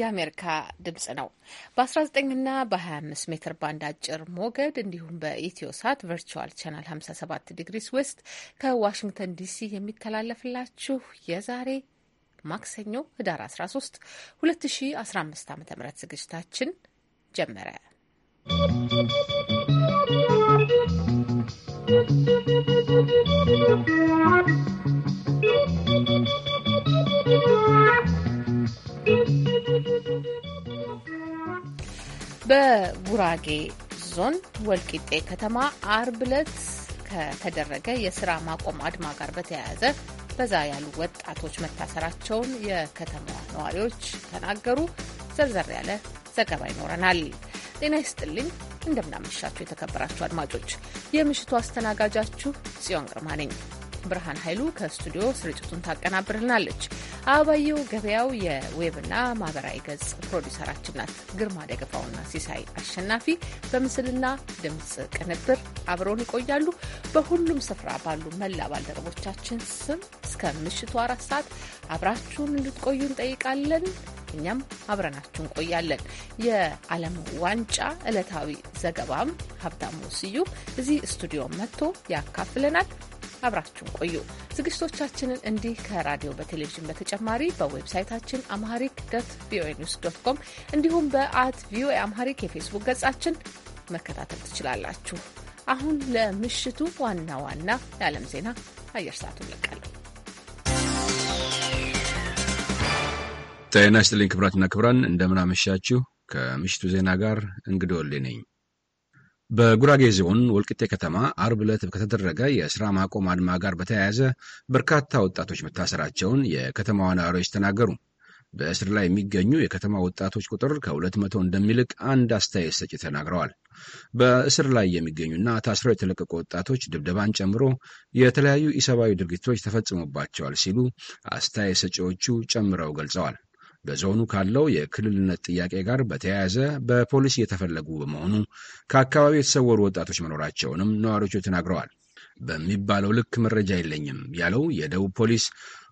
የአሜሪካ ድምጽ ነው። በ19 ና በ25 ሜትር ባንድ አጭር ሞገድ እንዲሁም በኢትዮ ሳት ቨርቹዋል ቻናል 57 ዲግሪስ ዌስት ከዋሽንግተን ዲሲ የሚተላለፍላችሁ የዛሬ ማክሰኞ ህዳር 13 2015 ዓ ም ዝግጅታችን ጀመረ። ¶¶ በጉራጌ ዞን ወልቂጤ ከተማ አርብ ዕለት ከተደረገ የስራ ማቆም አድማ ጋር በተያያዘ በዛ ያሉ ወጣቶች መታሰራቸውን የከተማዋ ነዋሪዎች ተናገሩ። ዘርዘር ያለ ዘገባ ይኖረናል። ጤና ይስጥልኝ፣ እንደምናመሻችሁ የተከበራችሁ አድማጮች፣ የምሽቱ አስተናጋጃችሁ ጽዮን ግርማ ነኝ። ብርሃን ኃይሉ ከስቱዲዮ ስርጭቱን ታቀናብርልናለች። አበባየው ገበያው የዌብና ማህበራዊ ገጽ ፕሮዲሰራችን ናት። ግርማ ደገፋውና ሲሳይ አሸናፊ በምስልና ድምፅ ቅንብር አብረውን ይቆያሉ። በሁሉም ስፍራ ባሉ መላ ባልደረቦቻችን ስም እስከ ምሽቱ አራት ሰዓት አብራችሁን እንድትቆዩ እንጠይቃለን። እኛም አብረናችሁ እንቆያለን። የዓለም ዋንጫ ዕለታዊ ዘገባም ሀብታሙ ስዩም እዚህ ስቱዲዮ መጥቶ ያካፍለናል። አብራችሁን ቆዩ። ዝግጅቶቻችንን እንዲህ ከራዲዮ በቴሌቪዥን በተጨማሪ በዌብሳይታችን አምሃሪክ ዶት ቪኦኤ ኒውስ ዶት ኮም እንዲሁም በአት ቪኦኤ አምሃሪክ የፌስቡክ ገጻችን መከታተል ትችላላችሁ። አሁን ለምሽቱ ዋና ዋና የዓለም ዜና አየር ሰዓቱን ለቃለሁ። ጤና ይስጥልኝ ክቡራትና ክቡራን፣ እንደምን አመሻችሁ። ከምሽቱ ዜና ጋር እንግዳ ነኝ። በጉራጌ ዞን ወልቂጤ ከተማ አርብ ዕለት ከተደረገ የስራ ማቆም አድማ ጋር በተያያዘ በርካታ ወጣቶች መታሰራቸውን የከተማዋ ነዋሪዎች ተናገሩ። በእስር ላይ የሚገኙ የከተማ ወጣቶች ቁጥር ከሁለት መቶ እንደሚልቅ አንድ አስተያየት ሰጪ ተናግረዋል። በእስር ላይ የሚገኙና ታስረው የተለቀቁ ወጣቶች ድብደባን ጨምሮ የተለያዩ ኢሰብአዊ ድርጊቶች ተፈጽሞባቸዋል ሲሉ አስተያየት ሰጪዎቹ ጨምረው ገልጸዋል። በዞኑ ካለው የክልልነት ጥያቄ ጋር በተያያዘ በፖሊስ እየተፈለጉ በመሆኑ ከአካባቢው የተሰወሩ ወጣቶች መኖራቸውንም ነዋሪዎቹ ተናግረዋል። በሚባለው ልክ መረጃ የለኝም ያለው የደቡብ ፖሊስ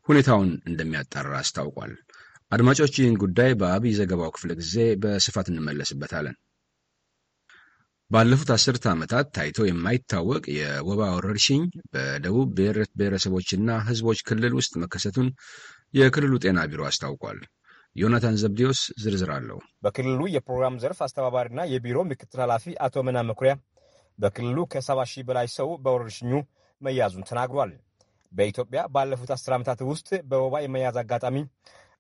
ሁኔታውን እንደሚያጣራ አስታውቋል። አድማጮች፣ ይህን ጉዳይ በአብይ ዘገባው ክፍለ ጊዜ በስፋት እንመለስበታለን። ባለፉት አስርተ ዓመታት ታይቶ የማይታወቅ የወባ ወረርሽኝ በደቡብ ብሔር ብሔረሰቦችና ሕዝቦች ክልል ውስጥ መከሰቱን የክልሉ ጤና ቢሮ አስታውቋል። ዮናታን ዘብዴዎስ ዝርዝር አለው። በክልሉ የፕሮግራም ዘርፍ አስተባባሪና የቢሮ ምክትል ኃላፊ አቶ መና መኩሪያ በክልሉ ከሰባ ሺህ በላይ ሰው በወረርሽኙ መያዙን ተናግሯል። በኢትዮጵያ ባለፉት አስር ዓመታት ውስጥ በወባ የመያዝ አጋጣሚ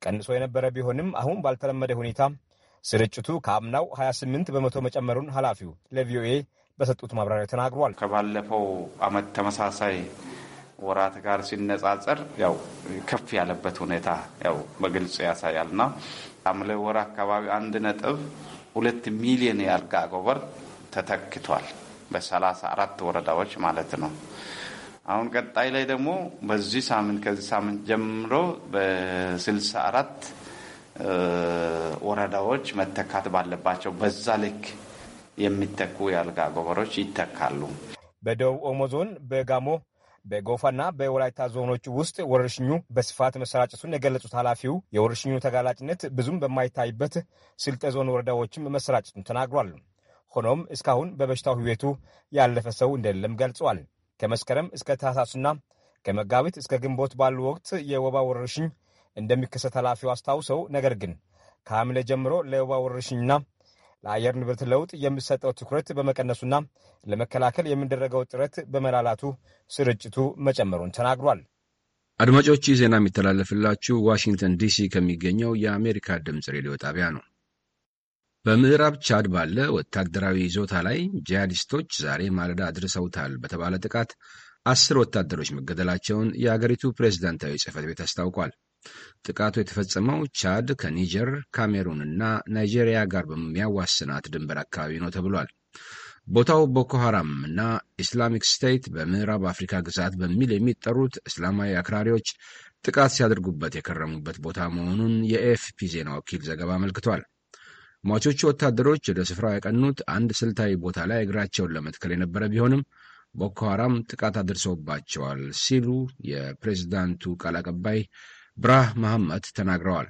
ቀንሶ የነበረ ቢሆንም አሁን ባልተለመደ ሁኔታ ስርጭቱ ከአምናው 28 በመቶ መጨመሩን ኃላፊው ለቪኦኤ በሰጡት ማብራሪያ ተናግሯል። ከባለፈው ዓመት ተመሳሳይ ወራት ጋር ሲነጻጸር ያው ከፍ ያለበት ሁኔታ ያው በግልጽ ያሳያልና ሐምሌ ወር አካባቢ አንድ ነጥብ ሁለት ሚሊዮን የአልጋ አጎበር ተተክቷል በሰላሳ አራት ወረዳዎች ማለት ነው። አሁን ቀጣይ ላይ ደግሞ በዚህ ሳምንት ከዚህ ሳምንት ጀምሮ በስልሳ አራት ወረዳዎች መተካት ባለባቸው በዛ ልክ የሚተኩ የአልጋ አጎበሮች ይተካሉ። በደቡብ ኦሞ ዞን በጋሞ በጎፋና በወላይታ ዞኖች ውስጥ ወረርሽኙ በስፋት መሰራጨቱን የገለጹት ኃላፊው የወረርሽኙ ተጋላጭነት ብዙም በማይታይበት ስልጠ ዞን ወረዳዎችም መሰራጨቱን ተናግሯል። ሆኖም እስካሁን በበሽታው ህይወቱ ያለፈ ሰው እንደሌለም ገልጸዋል። ከመስከረም እስከ ታህሳስና ከመጋቢት እስከ ግንቦት ባሉ ወቅት የወባ ወረርሽኝ እንደሚከሰት ኃላፊው አስታውሰው፣ ነገር ግን ከሐምሌ ጀምሮ ለወባ ወረርሽኝና ለአየር ንብረት ለውጥ የሚሰጠው ትኩረት በመቀነሱና ለመከላከል የሚደረገው ጥረት በመላላቱ ስርጭቱ መጨመሩን ተናግሯል። አድማጮች ይህ ዜና የሚተላለፍላችሁ ዋሽንግተን ዲሲ ከሚገኘው የአሜሪካ ድምፅ ሬዲዮ ጣቢያ ነው። በምዕራብ ቻድ ባለ ወታደራዊ ይዞታ ላይ ጂሃዲስቶች ዛሬ ማለዳ አድርሰውታል በተባለ ጥቃት አስር ወታደሮች መገደላቸውን የአገሪቱ ፕሬዝዳንታዊ ጽህፈት ቤት አስታውቋል። ጥቃቱ የተፈጸመው ቻድ ከኒጀር፣ ካሜሩን እና ናይጄሪያ ጋር በሚያዋስናት ድንበር አካባቢ ነው ተብሏል። ቦታው ቦኮ ሐራም እና ኢስላሚክ ስቴት በምዕራብ አፍሪካ ግዛት በሚል የሚጠሩት እስላማዊ አክራሪዎች ጥቃት ሲያደርጉበት የከረሙበት ቦታ መሆኑን የኤፍፒ ዜና ወኪል ዘገባ አመልክቷል። ሟቾቹ ወታደሮች ወደ ስፍራው ያቀኑት አንድ ስልታዊ ቦታ ላይ እግራቸውን ለመትከል የነበረ ቢሆንም ቦኮ ሐራም ጥቃት አድርሰውባቸዋል ሲሉ የፕሬዝዳንቱ ቃል አቀባይ ብራህ መሐመድ ተናግረዋል።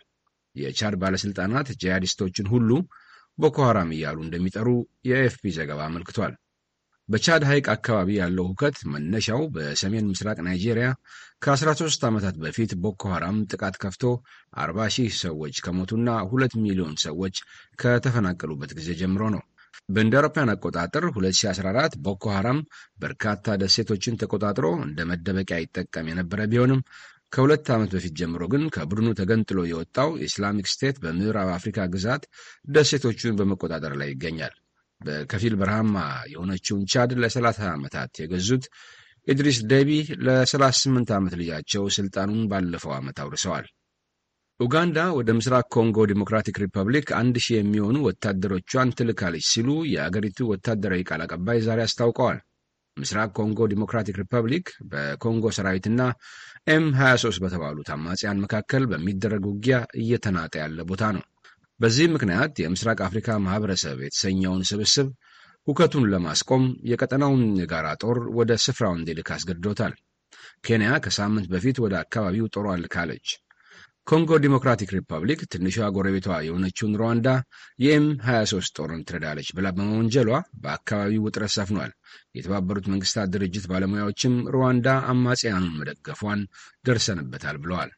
የቻድ ባለሥልጣናት ጂሃዲስቶችን ሁሉ ቦኮ ሐራም እያሉ እንደሚጠሩ የኤፍፒ ዘገባ አመልክቷል። በቻድ ሐይቅ አካባቢ ያለው ሁከት መነሻው በሰሜን ምስራቅ ናይጄሪያ ከ13 ዓመታት በፊት ቦኮ ሐራም ጥቃት ከፍቶ 40 ሺህ ሰዎች ከሞቱና 2 ሚሊዮን ሰዎች ከተፈናቀሉበት ጊዜ ጀምሮ ነው። በእንደ አውሮፓውያን አቆጣጠር 2014 ቦኮ ሐራም በርካታ ደሴቶችን ተቆጣጥሮ እንደ መደበቂያ ይጠቀም የነበረ ቢሆንም ከሁለት ዓመት በፊት ጀምሮ ግን ከቡድኑ ተገንጥሎ የወጣው የኢስላሚክ ስቴት በምዕራብ አፍሪካ ግዛት ደሴቶቹን በመቆጣጠር ላይ ይገኛል። በከፊል በረሃማ የሆነችውን ቻድ ለ30 ዓመታት የገዙት ኢድሪስ ደቢ ለ38 ዓመት ልጃቸው ሥልጣኑን ባለፈው ዓመት አውርሰዋል። ኡጋንዳ ወደ ምስራቅ ኮንጎ ዲሞክራቲክ ሪፐብሊክ አንድ ሺህ የሚሆኑ ወታደሮቿን ትልካለች ሲሉ የአገሪቱ ወታደራዊ ቃል አቀባይ ዛሬ አስታውቀዋል። ምስራቅ ኮንጎ ዲሞክራቲክ ሪፐብሊክ በኮንጎ ሰራዊትና ኤም 23 በተባሉት አማጽያን መካከል በሚደረግ ውጊያ እየተናጠ ያለ ቦታ ነው። በዚህ ምክንያት የምስራቅ አፍሪካ ማህበረሰብ የተሰኘውን ስብስብ ሁከቱን ለማስቆም የቀጠናውን የጋራ ጦር ወደ ስፍራው እንዲልክ አስገድዶታል። ኬንያ ከሳምንት በፊት ወደ አካባቢው ጦሯን ልካለች። ኮንጎ ዲሞክራቲክ ሪፐብሊክ ትንሿ ጎረቤቷ የሆነችውን ሩዋንዳ የኤም 23 ጦርን ትረዳለች ብላ በመወንጀሏ በአካባቢው ውጥረት ሰፍኗል። የተባበሩት መንግስታት ድርጅት ባለሙያዎችም ሩዋንዳ አማጽያኑን መደገፏን ደርሰንበታል ብለዋል።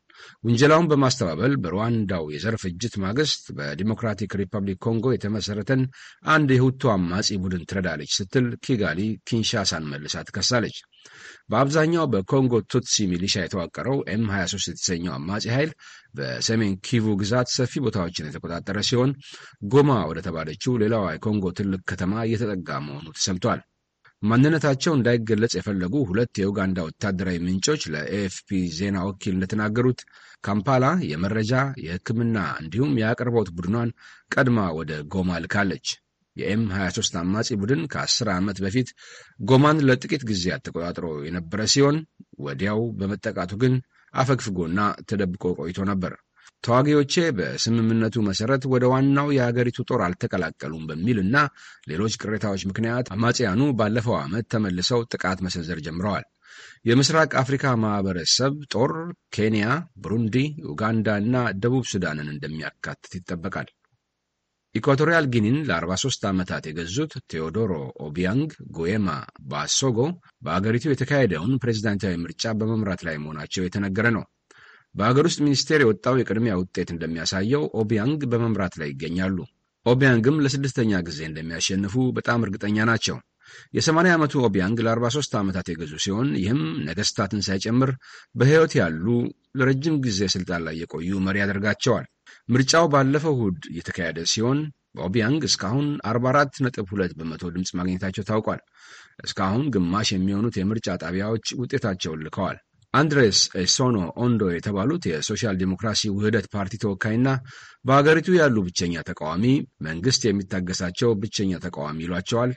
ውንጀላውን በማስተባበል በሩዋንዳው የዘር ፍጅት ማግስት በዲሞክራቲክ ሪፐብሊክ ኮንጎ የተመሠረተን አንድ የሁቱ አማጺ ቡድን ትረዳለች ስትል ኪጋሊ ኪንሻሳን መልሳ ትከሳለች። በአብዛኛው በኮንጎ ቱትሲ ሚሊሻ የተዋቀረው ኤም 23 የተሰኘው አማጺ ኃይል በሰሜን ኪቩ ግዛት ሰፊ ቦታዎችን የተቆጣጠረ ሲሆን ጎማ ወደ ተባለችው ሌላዋ የኮንጎ ትልቅ ከተማ እየተጠጋ መሆኑ ተሰምቷል። ማንነታቸው እንዳይገለጽ የፈለጉ ሁለት የኡጋንዳ ወታደራዊ ምንጮች ለኤኤፍፒ ዜና ወኪል እንደተናገሩት ካምፓላ የመረጃ የሕክምና እንዲሁም የአቅርቦት ቡድኗን ቀድማ ወደ ጎማ ልካለች። የኤም 23 አማጺ ቡድን ከ ከ10 ዓመት በፊት ጎማን ለጥቂት ጊዜያት ተቆጣጥሮ የነበረ ሲሆን ወዲያው በመጠቃቱ ግን አፈግፍጎና ተደብቆ ቆይቶ ነበር። ተዋጊዎቼ በስምምነቱ መሰረት ወደ ዋናው የአገሪቱ ጦር አልተቀላቀሉም በሚል እና ሌሎች ቅሬታዎች ምክንያት አማጽያኑ ባለፈው ዓመት ተመልሰው ጥቃት መሰንዘር ጀምረዋል። የምስራቅ አፍሪካ ማህበረሰብ ጦር ኬንያ፣ ብሩንዲ፣ ኡጋንዳ እና ደቡብ ሱዳንን እንደሚያካትት ይጠበቃል። ኢኳቶሪያል ጊኒን ለ43 ዓመታት የገዙት ቴዎዶሮ ኦቢያንግ ጉዬማ ባሶጎ በአገሪቱ የተካሄደውን ፕሬዚዳንታዊ ምርጫ በመምራት ላይ መሆናቸው የተነገረ ነው። በአገር ውስጥ ሚኒስቴር የወጣው የቅድሚያ ውጤት እንደሚያሳየው ኦቢያንግ በመምራት ላይ ይገኛሉ። ኦቢያንግም ለስድስተኛ ጊዜ እንደሚያሸንፉ በጣም እርግጠኛ ናቸው። የ80 ዓመቱ ኦቢያንግ ለ43 ዓመታት የገዙ ሲሆን ይህም ነገስታትን ሳይጨምር በሕይወት ያሉ ለረጅም ጊዜ ሥልጣን ላይ የቆዩ መሪ ያደርጋቸዋል። ምርጫው ባለፈው እሁድ የተካሄደ ሲሆን በኦቢያንግ እስካሁን 44.2 በመቶ ድምፅ ማግኘታቸው ታውቋል። እስካሁን ግማሽ የሚሆኑት የምርጫ ጣቢያዎች ውጤታቸውን ልከዋል። አንድሬስ ኤሶኖ ኦንዶ የተባሉት የሶሻል ዲሞክራሲ ውህደት ፓርቲ ተወካይና በአገሪቱ ያሉ ብቸኛ ተቃዋሚ መንግስት የሚታገሳቸው ብቸኛ ተቃዋሚ ይሏቸዋል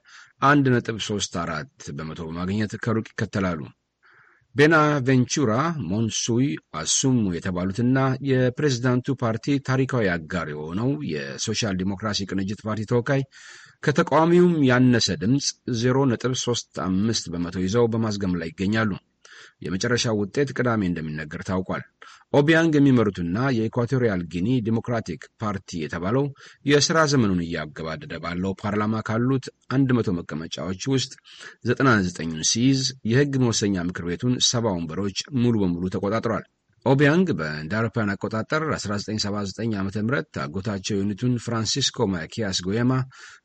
1.34 በመቶ በማግኘት ከሩቅ ይከተላሉ። ቤናቬንቹራ ሞንሱይ አሱሙ የተባሉትና የፕሬዝዳንቱ ፓርቲ ታሪካዊ አጋር የሆነው የሶሻል ዲሞክራሲ ቅንጅት ፓርቲ ተወካይ ከተቃዋሚውም ያነሰ ድምፅ 0.35 በመቶ ይዘው በማስገም ላይ ይገኛሉ። የመጨረሻው ውጤት ቅዳሜ እንደሚነገር ታውቋል። ኦቢያንግ የሚመሩትና የኢኳቶሪያል ጊኒ ዲሞክራቲክ ፓርቲ የተባለው የሥራ ዘመኑን እያገባደደ ባለው ፓርላማ ካሉት 100 መቀመጫዎች ውስጥ 99ን ሲይዝ የሕግ መወሰኛ ምክር ቤቱን ሰባ ወንበሮች ሙሉ በሙሉ ተቆጣጥሯል። ኦቢያንግ በእንደ አውሮፓውያን አቆጣጠር 1979 ዓ ም አጎታቸው የሆኑትን ፍራንሲስኮ ማኪያስ ጎየማ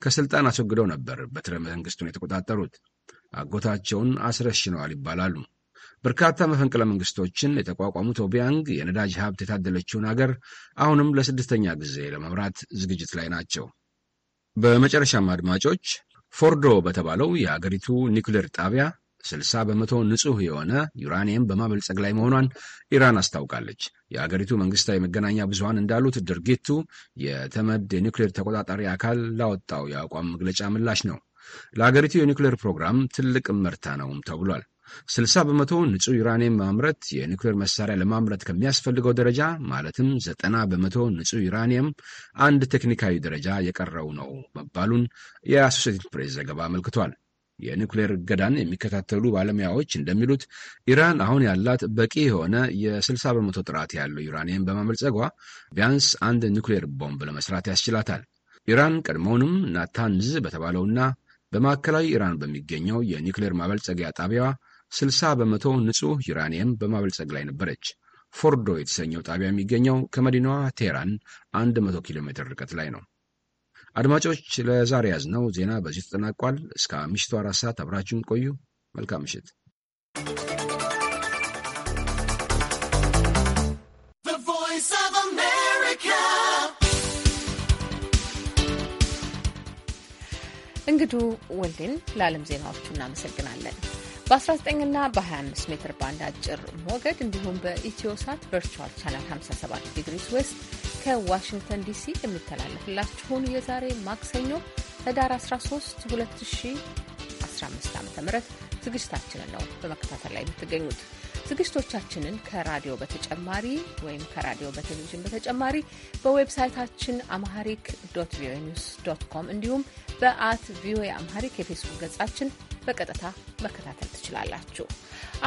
ከሥልጣን አስወግደው ነበር በትረ መንግሥቱን የተቆጣጠሩት። አጎታቸውን አስረሽነዋል ይባላሉ። በርካታ መፈንቅለ መንግስቶችን የተቋቋሙት ኦቢያንግ የነዳጅ ሀብት የታደለችውን አገር አሁንም ለስድስተኛ ጊዜ ለመምራት ዝግጅት ላይ ናቸው። በመጨረሻም አድማጮች ፎርዶ በተባለው የአገሪቱ ኒውክሌር ጣቢያ 60 በመቶ ንጹህ የሆነ ዩራኒየም በማበልጸግ ላይ መሆኗን ኢራን አስታውቃለች። የአገሪቱ መንግስታዊ መገናኛ ብዙሃን እንዳሉት ድርጊቱ የተመድ የኒውክሌር ተቆጣጣሪ አካል ላወጣው የአቋም መግለጫ ምላሽ ነው። ለአገሪቱ የኒውክሌር ፕሮግራም ትልቅ መርታ ነውም ተብሏል። ስልሳ በመቶ ንጹህ ዩራኒየም ማምረት የኒውክሌር መሳሪያ ለማምረት ከሚያስፈልገው ደረጃ ማለትም ዘጠና በመቶ ንጹህ ዩራኒየም አንድ ቴክኒካዊ ደረጃ የቀረው ነው መባሉን የአሶሴትድ ፕሬስ ዘገባ አመልክቷል። የኒውክሌር እገዳን የሚከታተሉ ባለሙያዎች እንደሚሉት ኢራን አሁን ያላት በቂ የሆነ የ60 በመቶ ጥራት ያለው ዩራኒየም በማበልጸጓ ቢያንስ አንድ ኒውክሌር ቦምብ ለመስራት ያስችላታል። ኢራን ቀድሞውንም ናታንዝ በተባለውና በማዕከላዊ ኢራን በሚገኘው የኒውክሌር ማበልጸጊያ ጣቢያዋ 60 በመቶ ንጹህ ዩራኒየም በማበልጸግ ላይ ነበረች። ፎርዶ የተሰኘው ጣቢያ የሚገኘው ከመዲናዋ ቴህራን 100 ኪሎ ሜትር ርቀት ላይ ነው። አድማጮች፣ ለዛሬ ያዝነው ዜና በዚሁ ተጠናቋል። እስከ ምሽቱ አራት ሰዓት አብራችሁን ቆዩ። መልካም ምሽት። እንግዱ ወልዴን ለዓለም ዜናዎቹ እናመሰግናለን። በ19 ና በ25 ሜትር ባንድ አጭር ሞገድ እንዲሁም በኢትዮ ሳት ቨርቹዋል ቻናል 57 ዲግሪስ ዌስት ከዋሽንግተን ዲሲ የሚተላለፍላችሁን የዛሬ ማክሰኞ ህዳር 13 2015 ዓ ም ዝግጅታችንን ነው በመከታተል ላይ የምትገኙት። ዝግጅቶቻችንን ከራዲዮ በተጨማሪ ወይም ከራዲዮ በቴሌቪዥን በተጨማሪ በዌብሳይታችን አምሃሪክ ዶት ቪኦኤ ኒውስ ዶት ኮም እንዲሁም በአት ቪኦኤ አምሃሪክ የፌስቡክ ገጻችን በቀጥታ መከታተል ትችላላችሁ።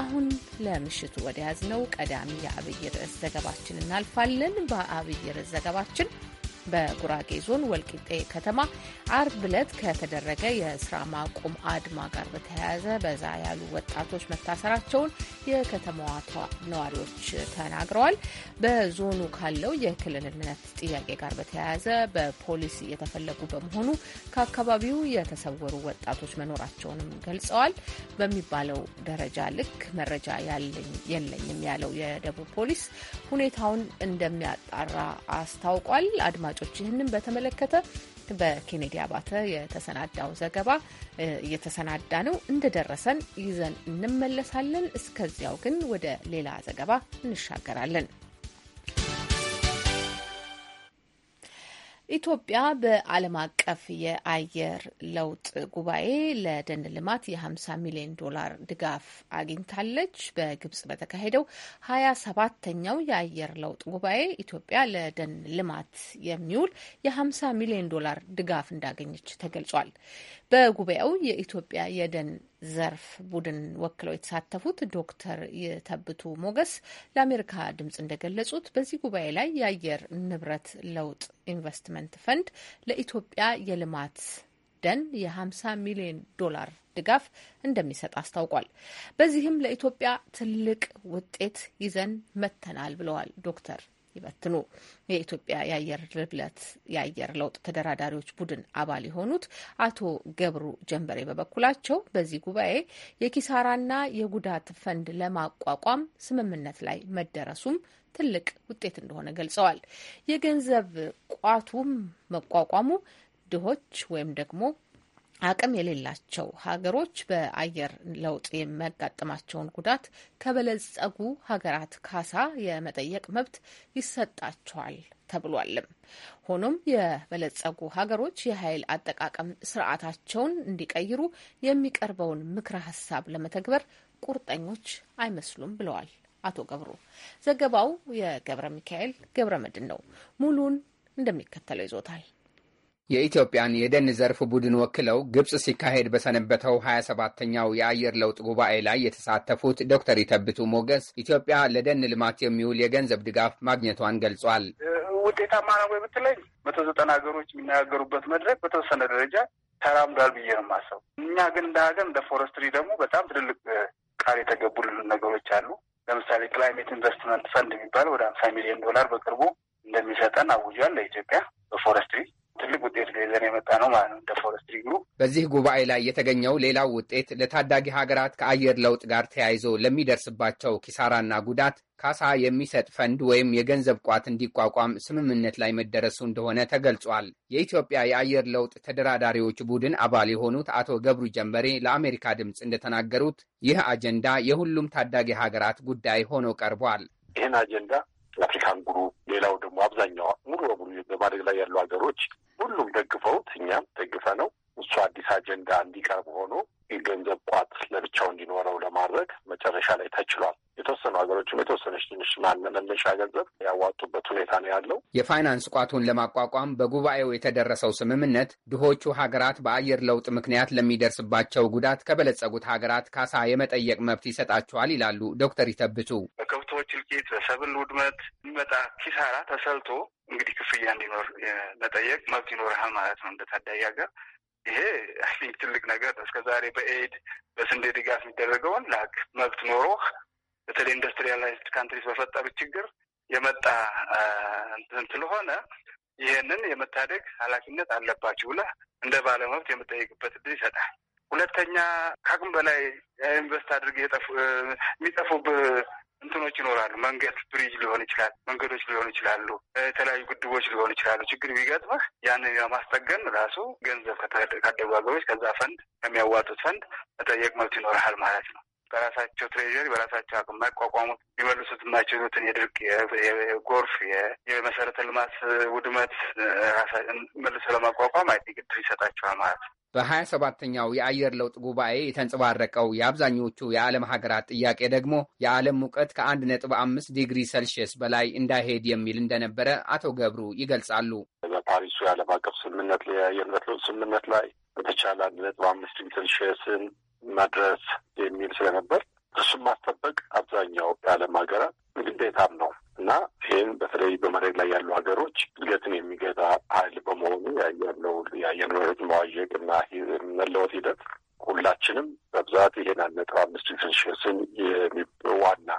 አሁን ለምሽቱ ወደ ያዝነው ቀዳሚ የአብይ ርዕስ ዘገባችን እናልፋለን። በአብይ ርዕስ ዘገባችን በጉራጌ ዞን ወልቂጤ ከተማ አርብ ዕለት ከተደረገ የስራ ማቆም አድማ ጋር በተያያዘ በዛ ያሉ ወጣቶች መታሰራቸውን የከተማዋ ነዋሪዎች ተናግረዋል። በዞኑ ካለው የክልልነት ጥያቄ ጋር በተያያዘ በፖሊስ እየተፈለጉ በመሆኑ ከአካባቢው የተሰወሩ ወጣቶች መኖራቸውንም ገልጸዋል። በሚባለው ደረጃ ልክ መረጃ የለኝም ያለው የደቡብ ፖሊስ ሁኔታውን እንደሚያጣራ አስታውቋል። አድማጮ አድማጮች ይህንን በተመለከተ በኬኔዲ አባተ የተሰናዳው ዘገባ እየተሰናዳ ነው። እንደደረሰን ይዘን እንመለሳለን። እስከዚያው ግን ወደ ሌላ ዘገባ እንሻገራለን። ኢትዮጵያ በዓለም አቀፍ የአየር ለውጥ ጉባኤ ለደን ልማት የ50 ሚሊዮን ዶላር ድጋፍ አግኝታለች። በግብጽ በተካሄደው ሀያ ሰባተኛው የአየር ለውጥ ጉባኤ ኢትዮጵያ ለደን ልማት የሚውል የ50 ሚሊዮን ዶላር ድጋፍ እንዳገኘች ተገልጿል። በጉባኤው የኢትዮጵያ የደን ዘርፍ ቡድን ወክለው የተሳተፉት ዶክተር የተብቱ ሞገስ ለአሜሪካ ድምጽ እንደገለጹት በዚህ ጉባኤ ላይ የአየር ንብረት ለውጥ ኢንቨስትመንት ፈንድ ለኢትዮጵያ የልማት ደን የ50 ሚሊዮን ዶላር ድጋፍ እንደሚሰጥ አስታውቋል። በዚህም ለኢትዮጵያ ትልቅ ውጤት ይዘን መጥተናል ብለዋል ዶክተር ይበትኑ። የኢትዮጵያ የአየር ንብረት የአየር ለውጥ ተደራዳሪዎች ቡድን አባል የሆኑት አቶ ገብሩ ጀንበሬ በበኩላቸው በዚህ ጉባኤ የኪሳራና የጉዳት ፈንድ ለማቋቋም ስምምነት ላይ መደረሱም ትልቅ ውጤት እንደሆነ ገልጸዋል። የገንዘብ ቋቱም መቋቋሙ ድሆች ወይም ደግሞ አቅም የሌላቸው ሀገሮች በአየር ለውጥ የሚያጋጥማቸውን ጉዳት ከበለጸጉ ሀገራት ካሳ የመጠየቅ መብት ይሰጣቸዋል ተብሏልም። ሆኖም የበለጸጉ ሀገሮች የኃይል አጠቃቀም ስርዓታቸውን እንዲቀይሩ የሚቀርበውን ምክረ ሀሳብ ለመተግበር ቁርጠኞች አይመስሉም ብለዋል አቶ ገብሩ። ዘገባው የገብረ ሚካኤል ገብረ መድን ነው። ሙሉን እንደሚከተለው ይዞታል። የኢትዮጵያን የደን ዘርፍ ቡድን ወክለው ግብፅ ሲካሄድ በሰነበተው 27ተኛው የአየር ለውጥ ጉባኤ ላይ የተሳተፉት ዶክተር ይተብቱ ሞገስ ኢትዮጵያ ለደን ልማት የሚውል የገንዘብ ድጋፍ ማግኘቷን ገልጿል። ውጤታማ ነው ወይ ብትለኝ መቶ ዘጠና ሀገሮች የሚነጋገሩበት መድረክ በተወሰነ ደረጃ ተራምዷል ብዬ ነው የማስበው። እኛ ግን እንደ ሀገር እንደ ፎረስትሪ ደግሞ በጣም ትልልቅ ቃል የተገቡልን ነገሮች አሉ። ለምሳሌ ክላይሜት ኢንቨስትመንት ፈንድ የሚባለው ወደ ሀምሳ ሚሊዮን ዶላር በቅርቡ እንደሚሰጠን አውጇል ለኢትዮጵያ በፎረስትሪ ትልቅ ውጤት ሌለን የመጣ ነው ማለት ነው እንደ ፎረስትሪ ግሩፕ። በዚህ ጉባኤ ላይ የተገኘው ሌላው ውጤት ለታዳጊ ሀገራት ከአየር ለውጥ ጋር ተያይዞ ለሚደርስባቸው ኪሳራና ጉዳት ካሳ የሚሰጥ ፈንድ ወይም የገንዘብ ቋት እንዲቋቋም ስምምነት ላይ መደረሱ እንደሆነ ተገልጿል። የኢትዮጵያ የአየር ለውጥ ተደራዳሪዎች ቡድን አባል የሆኑት አቶ ገብሩ ጀንበሬ ለአሜሪካ ድምፅ እንደተናገሩት ይህ አጀንዳ የሁሉም ታዳጊ ሀገራት ጉዳይ ሆኖ ቀርቧል። ይህን አጀንዳ የአፍሪካን ግሩፕ ሌላው ደግሞ አብዛኛው ሙሉ በሙሉ በማደግ ላይ ያሉ ሀገሮች ሁሉም ደግፈውት እኛም ደግፈ ነው እሱ አዲስ አጀንዳ እንዲቀርብ ሆኖ የገንዘብ ቋት ለብቻው እንዲኖረው ለማድረግ መጨረሻ ላይ ተችሏል። የተወሰኑ ሀገሮችም የተወሰነች ትንሽ መነሻ ገንዘብ ያዋጡበት ሁኔታ ነው ያለው። የፋይናንስ ቋቱን ለማቋቋም በጉባኤው የተደረሰው ስምምነት ድሆቹ ሀገራት በአየር ለውጥ ምክንያት ለሚደርስባቸው ጉዳት ከበለጸጉት ሀገራት ካሳ የመጠየቅ መብት ይሰጣቸዋል ይላሉ ዶክተር ይተብቱ። ሰዎች እልቂት፣ በሰብል ውድመት የሚመጣ ኪሳራ ተሰልቶ እንግዲህ ክፍያ እንዲኖር መጠየቅ መብት ይኖርሃል ማለት ነው እንደ ታዳጊ ሀገር። ይሄ አይ ትልቅ ነገር ነው። እስከዛሬ በኤድ በስንዴ ድጋፍ የሚደረገውን ላክ መብት ኖሮህ በተለይ ኢንዱስትሪያላይዝድ ካንትሪስ በፈጠሩት ችግር የመጣ እንትን ስለሆነ ይህንን የመታደግ ኃላፊነት አለባችሁ ብለህ እንደ ባለመብት የምጠይቅበት እድል ይሰጣል። ሁለተኛ ከአቅም በላይ ኢንቨስት አድርገህ የሚጠፉብህ እንትኖች ይኖራሉ። መንገድ ብሪጅ ሊሆን ይችላል፣ መንገዶች ሊሆኑ ይችላሉ፣ የተለያዩ ግድቦች ሊሆኑ ይችላሉ። ችግር ቢገጥመህ ያንን ለማስጠገን ራሱ ገንዘብ ካደጉ ሀገሮች ከዛ ፈንድ ከሚያዋጡት ፈንድ መጠየቅ መብት ይኖርሃል ማለት ነው። በራሳቸው ትሬዥሪ በራሳቸው አቅም የማይቋቋሙት ሊመልሱት የማይችሉትን የድርቅ፣ የጎርፍ፣ የመሰረተ ልማት ውድመት መልሶ ለማቋቋም አይ ግድር ይሰጣቸዋል ማለት ነው። በሀያ ሰባተኛው የአየር ለውጥ ጉባኤ የተንጸባረቀው የአብዛኞቹ የዓለም ሀገራት ጥያቄ ደግሞ የዓለም ሙቀት ከአንድ ነጥብ አምስት ዲግሪ ሴልሺየስ በላይ እንዳይሄድ የሚል እንደነበረ አቶ ገብሩ ይገልጻሉ። በፓሪሱ የዓለም አቀፍ ስምምነት የአየር ንብረት ለውጥ ስምምነት ላይ በተቻለ አንድ ነጥብ አምስት ዲግሪ ሴልሺየስን መድረስ የሚል ስለነበር እሱን ማስጠበቅ አብዛኛው የዓለም ሀገራት ግዴታም ነው እና ይህን በተለይ በመሬት ላይ ያሉ ሀገሮች እድገትን የሚገዛ ኃይል በመሆኑ ያለው የአየር ንብረት መዋዠቅ እና መለወጥ ሂደት ሁላችንም በብዛት ይሄን አንድ ነጥብ አምስት ሴልሺየስን ዋና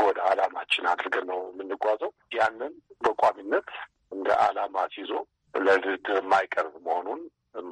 ጎዳ አላማችን አድርገን ነው የምንጓዘው። ያንን በቋሚነት እንደ አላማ ሲዞ ለድርድር የማይቀርብ መሆኑን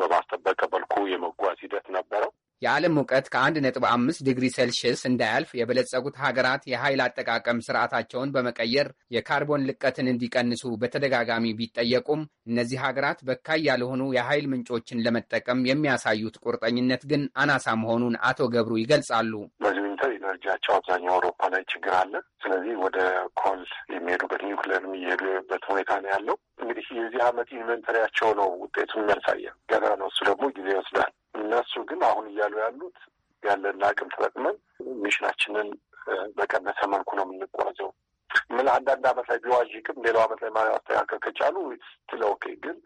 በማስጠበቅ መልኩ የመጓዝ ሂደት ነበረው። የዓለም ሙቀት ከ1.5 ዲግሪ ሴልሽስ እንዳያልፍ የበለጸጉት ሀገራት የኃይል አጠቃቀም ስርዓታቸውን በመቀየር የካርቦን ልቀትን እንዲቀንሱ በተደጋጋሚ ቢጠየቁም እነዚህ ሀገራት በካይ ያልሆኑ የኃይል ምንጮችን ለመጠቀም የሚያሳዩት ቁርጠኝነት ግን አናሳ መሆኑን አቶ ገብሩ ይገልጻሉ። በዚህ ዊንተር ኢነርጂያቸው አብዛኛው አውሮፓ ላይ ችግር አለ። ስለዚህ ወደ ኮል የሚሄዱበት ኒውክሌር የሚሄዱበት ሁኔታ ነው ያለው። እንግዲህ የዚህ ዓመት ኢንቨንተሪያቸው ነው ውጤቱን የሚያሳየ ገና ነው። እሱ ደግሞ ጊዜ ይወስዳል። እነሱ ግን አሁን እያሉ ያሉት ያለን አቅም ተጠቅመን ሚሽናችንን በቀነሰ መልኩ ነው የምንጓዘው። ምን አንዳንድ አመት ላይ ቢዋዥቅም ሌላው አመት ላይ ማስተካከል ከቻሉ ስትል ኦኬ። ግን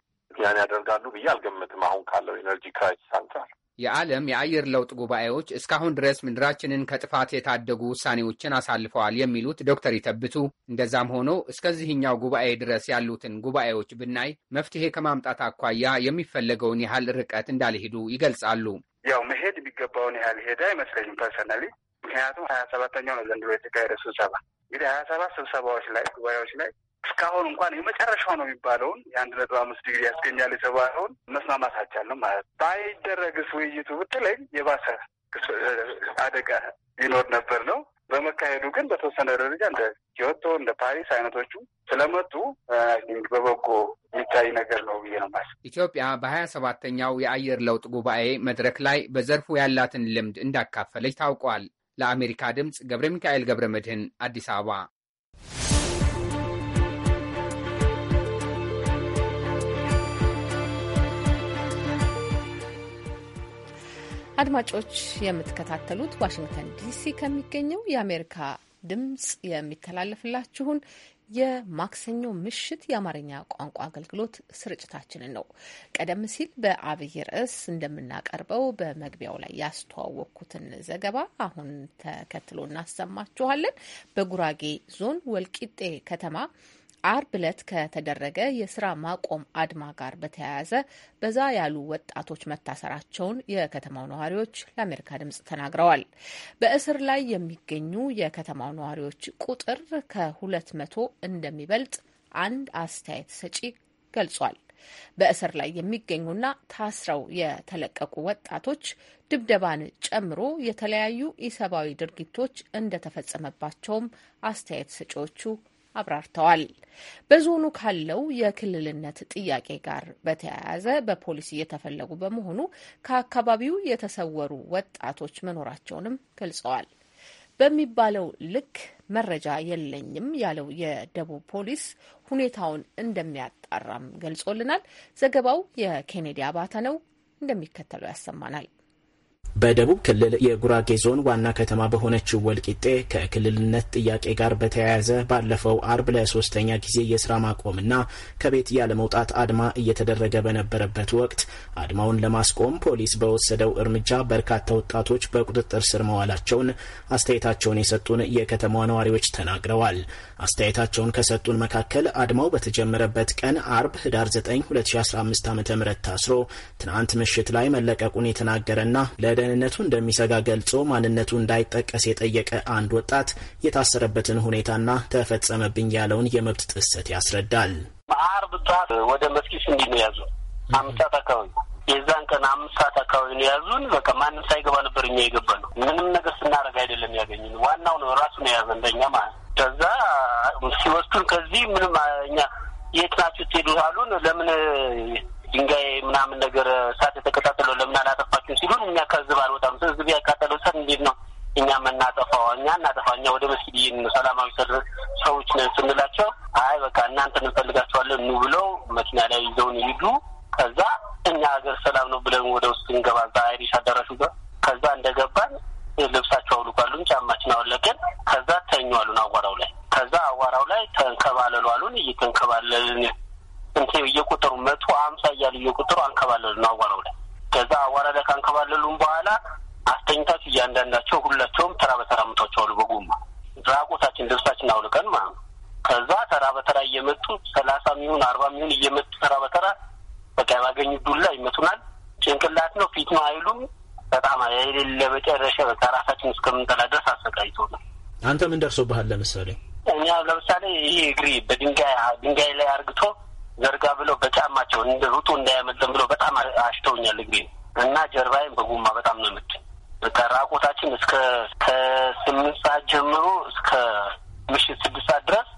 ያን ያደርጋሉ ብዬ አልገምትም አሁን ካለው ኤነርጂ ክራይሲስ አንጻር የዓለም የአየር ለውጥ ጉባኤዎች እስካሁን ድረስ ምድራችንን ከጥፋት የታደጉ ውሳኔዎችን አሳልፈዋል የሚሉት ዶክተር ይተብቱ፣ እንደዛም ሆኖ እስከዚህኛው ጉባኤ ድረስ ያሉትን ጉባኤዎች ብናይ መፍትሄ ከማምጣት አኳያ የሚፈለገውን ያህል ርቀት እንዳልሄዱ ይገልጻሉ። ያው መሄድ የሚገባውን ያህል ሄደ አይመስለኝም ፐርሰናሊ። ምክንያቱም ሀያ ሰባተኛው ነው ዘንድሮ የተካሄደ ስብሰባ። እንግዲህ ሀያ ሰባት ስብሰባዎች ላይ ጉባኤዎች ላይ እስካሁን እንኳን የመጨረሻው ነው የሚባለውን የአንድ ነጥብ አምስት ዲግሪ ያስገኛል የተባለውን መስማማት አልቻልንም ማለት ነው። ባይደረግስ ውይይቱ ብትለኝ የባሰ አደጋ ይኖር ነበር ነው። በመካሄዱ ግን በተወሰነ ደረጃ እንደ ኪዮቶ እንደ ፓሪስ አይነቶቹ ስለመጡ በበጎ የሚታይ ነገር ነው ብዬ ነው ማለት። ኢትዮጵያ በሀያ ሰባተኛው የአየር ለውጥ ጉባኤ መድረክ ላይ በዘርፉ ያላትን ልምድ እንዳካፈለች ታውቋል። ለአሜሪካ ድምፅ ገብረ ሚካኤል ገብረ መድህን አዲስ አበባ አድማጮች የምትከታተሉት ዋሽንግተን ዲሲ ከሚገኘው የአሜሪካ ድምጽ የሚተላለፍላችሁን የማክሰኞ ምሽት የአማርኛ ቋንቋ አገልግሎት ስርጭታችንን ነው። ቀደም ሲል በአብይ ርዕስ እንደምናቀርበው በመግቢያው ላይ ያስተዋወቅኩትን ዘገባ አሁን ተከትሎ እናሰማችኋለን። በጉራጌ ዞን ወልቂጤ ከተማ አርብ ዕለት ከተደረገ የስራ ማቆም አድማ ጋር በተያያዘ በዛ ያሉ ወጣቶች መታሰራቸውን የከተማው ነዋሪዎች ለአሜሪካ ድምጽ ተናግረዋል። በእስር ላይ የሚገኙ የከተማው ነዋሪዎች ቁጥር ከሁለት መቶ እንደሚበልጥ አንድ አስተያየት ሰጪ ገልጿል። በእስር ላይ የሚገኙና ታስረው የተለቀቁ ወጣቶች ድብደባን ጨምሮ የተለያዩ ኢሰብአዊ ድርጊቶች እንደተፈጸመባቸውም አስተያየት ሰጪዎቹ አብራርተዋል። በዞኑ ካለው የክልልነት ጥያቄ ጋር በተያያዘ በፖሊስ እየተፈለጉ በመሆኑ ከአካባቢው የተሰወሩ ወጣቶች መኖራቸውንም ገልጸዋል። በሚባለው ልክ መረጃ የለኝም ያለው የደቡብ ፖሊስ ሁኔታውን እንደሚያጣራም ገልጾልናል። ዘገባው የኬኔዲ አባተ ነው፣ እንደሚከተለው ያሰማናል። በደቡብ ክልል የጉራጌ ዞን ዋና ከተማ በሆነችው ወልቂጤ ከክልልነት ጥያቄ ጋር በተያያዘ ባለፈው አርብ ለሶስተኛ ጊዜ የስራ ማቆምና ከቤት ያለመውጣት አድማ እየተደረገ በነበረበት ወቅት አድማውን ለማስቆም ፖሊስ በወሰደው እርምጃ በርካታ ወጣቶች በቁጥጥር ስር መዋላቸውን አስተያየታቸውን የሰጡን የከተማዋ ነዋሪዎች ተናግረዋል። አስተያየታቸውን ከሰጡን መካከል አድማው በተጀመረበት ቀን አርብ ህዳር 9 2015 ዓ ም ታስሮ ትናንት ምሽት ላይ መለቀቁን የተናገረና ለደ ለደህንነቱ እንደሚሰጋ ገልጾ ማንነቱ እንዳይጠቀስ የጠየቀ አንድ ወጣት የታሰረበትን ሁኔታና ተፈጸመብኝ ያለውን የመብት ጥሰት ያስረዳል። በአርብ ጠዋት ወደ መስጊድ እንዲህ ነው ያዙ። አምስት ሰዓት አካባቢ የዛን ቀን አምስት ሰዓት አካባቢ ነው ያዙን። በቃ ማንም ሳይገባ ነበር እኛ የገባ ነው። ምንም ነገር ስናደርግ አይደለም ያገኙን። ዋናው ነው ራሱ ነው የያዘን በእኛ ማለት ከዛ ሲወስዱን ከዚህ ምንም እኛ የት ናችሁ ትሄዱ አሉን። ለምን ድንጋይ ምናምን ነገር እሳት የተቀጣጠለው ለምን አላጠፋ ናቸው ሲሉን እኛ ከህዝብ አልወጣም። ህዝብ ያቃጠለው ሰር እንዴት ነው እኛ የምናጠፋው? እኛ እናጠፋ እኛ ወደ መስጊድ ይህን ሰላማዊ ሰር ሰዎች ነን ስንላቸው አይ በቃ እናንተ እንፈልጋቸዋለን ኑ ብለው መኪና ላይ ይዘውን ይሄዱ። ከዛ እኛ ሀገር ሰላም ነው ብለን ወደ ውስጥ እንገባ ዛ አይሪሽ አዳራሹ ጋር ከዛ እንደገባን ልብሳቸው አውልቋሉን፣ ጫማችን አወለቅን። ከዛ ተኙ አሉን አዋራው ላይ። ከዛ አዋራው ላይ ተንከባለሉ አሉን። እየተንከባለልን እንትን እየቁጥሩ መቶ አምሳ እያሉ እየቁጥሩ አንከባለሉን አዋራው ላይ ከዛ ላይ ካንከባለሉም በኋላ አስተኝታት እያንዳንዳቸው ሁላቸውም ተራ በተራ ምቷቸው በጎማ ራቁታችን ልብሳችን አውልቀን ማለት ነው። ከዛ ተራ በተራ እየመጡ ሰላሳ ሚሆን አርባ ሚሆን እየመጡ ተራ በተራ በቃ ባገኙ ዱላ ይመቱናል። ጭንቅላት ነው ፊት ነው አይሉም። በጣም የሌለ መጨረሻ በቃ ራሳችን እስከምንጠላ ድረስ አሰቃይቶናል። አንተ ምን ደርሶብሃል? ለምሳሌ እኛ ለምሳሌ ይሄ እግሬ በድንጋይ ድንጋይ ላይ አርግቶ ዘርጋ ብለው በጫማቸው ሩጡ እንዳያመልጠን ብለው በጣም አሽተውኛል እግሬ እና ጀርባዬን በጎማ በጣም ነው ምድ በቃ ራቆታችን እስከ ከስምንት ሰዓት ጀምሮ እስከ ምሽት ስድስት ሰዓት ድረስ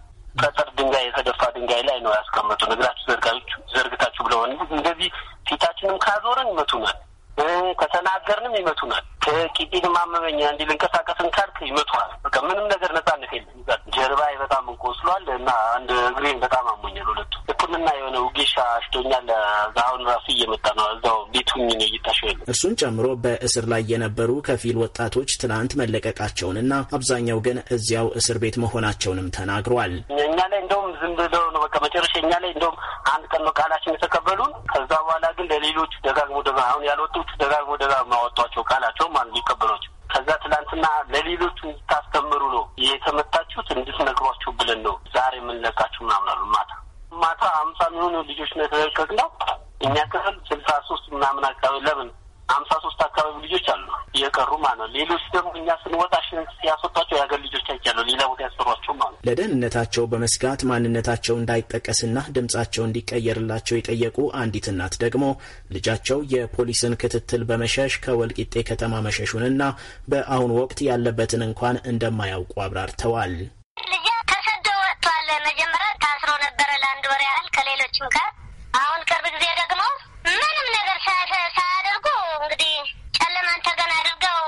ጠጠር ድንጋይ የተደፋ ድንጋይ ላይ ነው ያስቀመጡ። እግራችሁ ዘርጋችሁ ዘርግታችሁ ብለዋል። እንደዚህ ፊታችንም ካዞረን ይመቱናል፣ ከተናገርንም ይመቱናል። ከቂጢንም አመመኝ እንዲ ልንቀሳቀስን ካልክ ይመቱሃል። በቃ ምንም ነገር ነጻነት የለም። ጀርባዬ በጣም እንቆስሏል እና አንድ እግሬን በጣም አሞኛል ሁለቱ ህክምና የሆነ ውጌሻ ሽቶኛል። አሁን ራሱ እየመጣ ነው። እዛው ቤቱ ሚን እይታሸ እርሱን ጨምሮ በእስር ላይ የነበሩ ከፊል ወጣቶች ትናንት መለቀቃቸውንና አብዛኛው ግን እዚያው እስር ቤት መሆናቸውንም ተናግሯል። እኛ ላይ እንደውም ዝም ብለው ነው በቃ መጨረሻ እኛ ላይ እንደውም አንድ ቀን መቃላችን የተቀበሉን። ከዛ በኋላ ግን ለሌሎች ደጋግሞ ደጋ አሁን ያልወጡት ደጋግሞ ደጋግሞ አወጧቸው ቃላቸው አንዱ ይቀበሏቸው ከዛ ትላንትና ለሌሎቹ እንድታስተምሩ ነው የተመታችሁት እንድትነግሯችሁ ብለን ነው ዛሬ የምንለቃችሁ ምናምናሉ አሉ ማታ ማታ አምሳ የሚሆኑ ልጆች ነው ነው። እኛ ክፍል ስልሳ ሶስት ምናምን አካባቢ ለምን አምሳ ሶስት አካባቢ ልጆች አሉ እየቀሩ ማለት ነው። ሌሎች ደግሞ እኛ ስንወጣ ያስወጣቸው የሀገር ልጆች አይቻለሁ ሌላ ቦታ ያስፈሯቸው ማለት ለደህንነታቸው በመስጋት ማንነታቸው እንዳይጠቀስና ድምጻቸው እንዲቀየርላቸው የጠየቁ አንዲት እናት ደግሞ ልጃቸው የፖሊስን ክትትል በመሸሽ ከወልቂጤ ከተማ መሸሹንና በአሁን ወቅት ያለበትን እንኳን እንደማያውቁ አብራርተዋል። ልጅ ተሰዶ ወጥቷል። መጀመሪያ ከሌሎችም ጋር አሁን ቅርብ ጊዜ ደግሞ ምንም ነገር ሳያደርጉ እንግዲህ ጨለማን ተገን አድርገው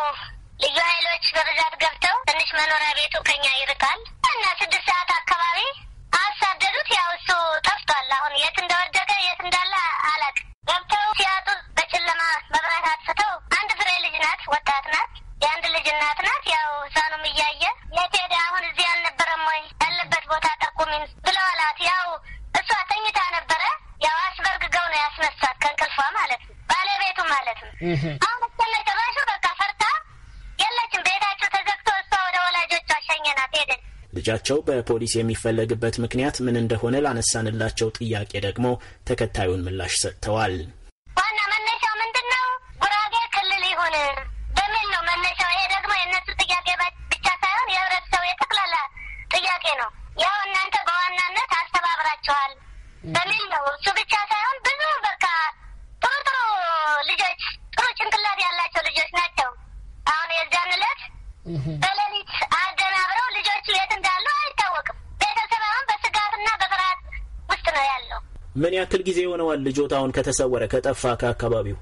ልዩ ኃይሎች በብዛት ገብተው ትንሽ መኖሪያ ቤቱ ከኛ ይርቃል እና ስድስት ሰዓት አካባቢ አሳደዱት። ያው እሱ ጠፍቷል። አሁን የት እንደወደቀ የት እንዳለ አላቅ። ገብተው ሲያጡ በጨለማ መብራት አጥፍተው አንድ ፍሬ ልጅ ናት፣ ወጣት ናት፣ የአንድ ልጅ እናት ናት። ያው ህፃኑም እያየ የት ሄደ አሁን እዚህ አልነበረም ወይ ያለበት ቦታ ጠቁሚን ብለዋላት ያው እሷ ተኝታ ነበረ። ያው አስበርግገው ነው ያስነሳት ከእንቅልፏ ማለት ነው፣ ባለቤቱ ማለት ነው። አሁን እስከነ በቃ ፈርታ የለችም። ቤታቸው ተዘግቶ እሷ ወደ ወላጆቿ ሸኘናት ሄደች። ልጃቸው በፖሊስ የሚፈለግበት ምክንያት ምን እንደሆነ ላነሳንላቸው ጥያቄ ደግሞ ተከታዩን ምላሽ ሰጥተዋል። ዋና መነሻው ምንድን ነው? ጉራጌ ክልል ይሁን በሚል ነው መነሻው። ይሄ ደግሞ የእነሱ ጥያቄ ብቻ ሳይሆን የህብረተሰቡ የጠቅላላ ጥያቄ ነው። ያው እናንተ በዋናነት አስተባብራችኋል በሚል ነው። እሱ ብቻ ሳይሆን ብዙ በቃ ጥሩ ጥሩ ልጆች ጥሩ ጭንቅላት ያላቸው ልጆች ናቸው። አሁን የዛን ዕለት በሌሊት አደናብረው ልጆቹ የት እንዳሉ አይታወቅም። ቤተሰብ አሁን በስጋትና በፍርሃት ውስጥ ነው ያለው። ምን ያክል ጊዜ የሆነዋል ልጆት አሁን ከተሰወረ ከጠፋ ከአካባቢው?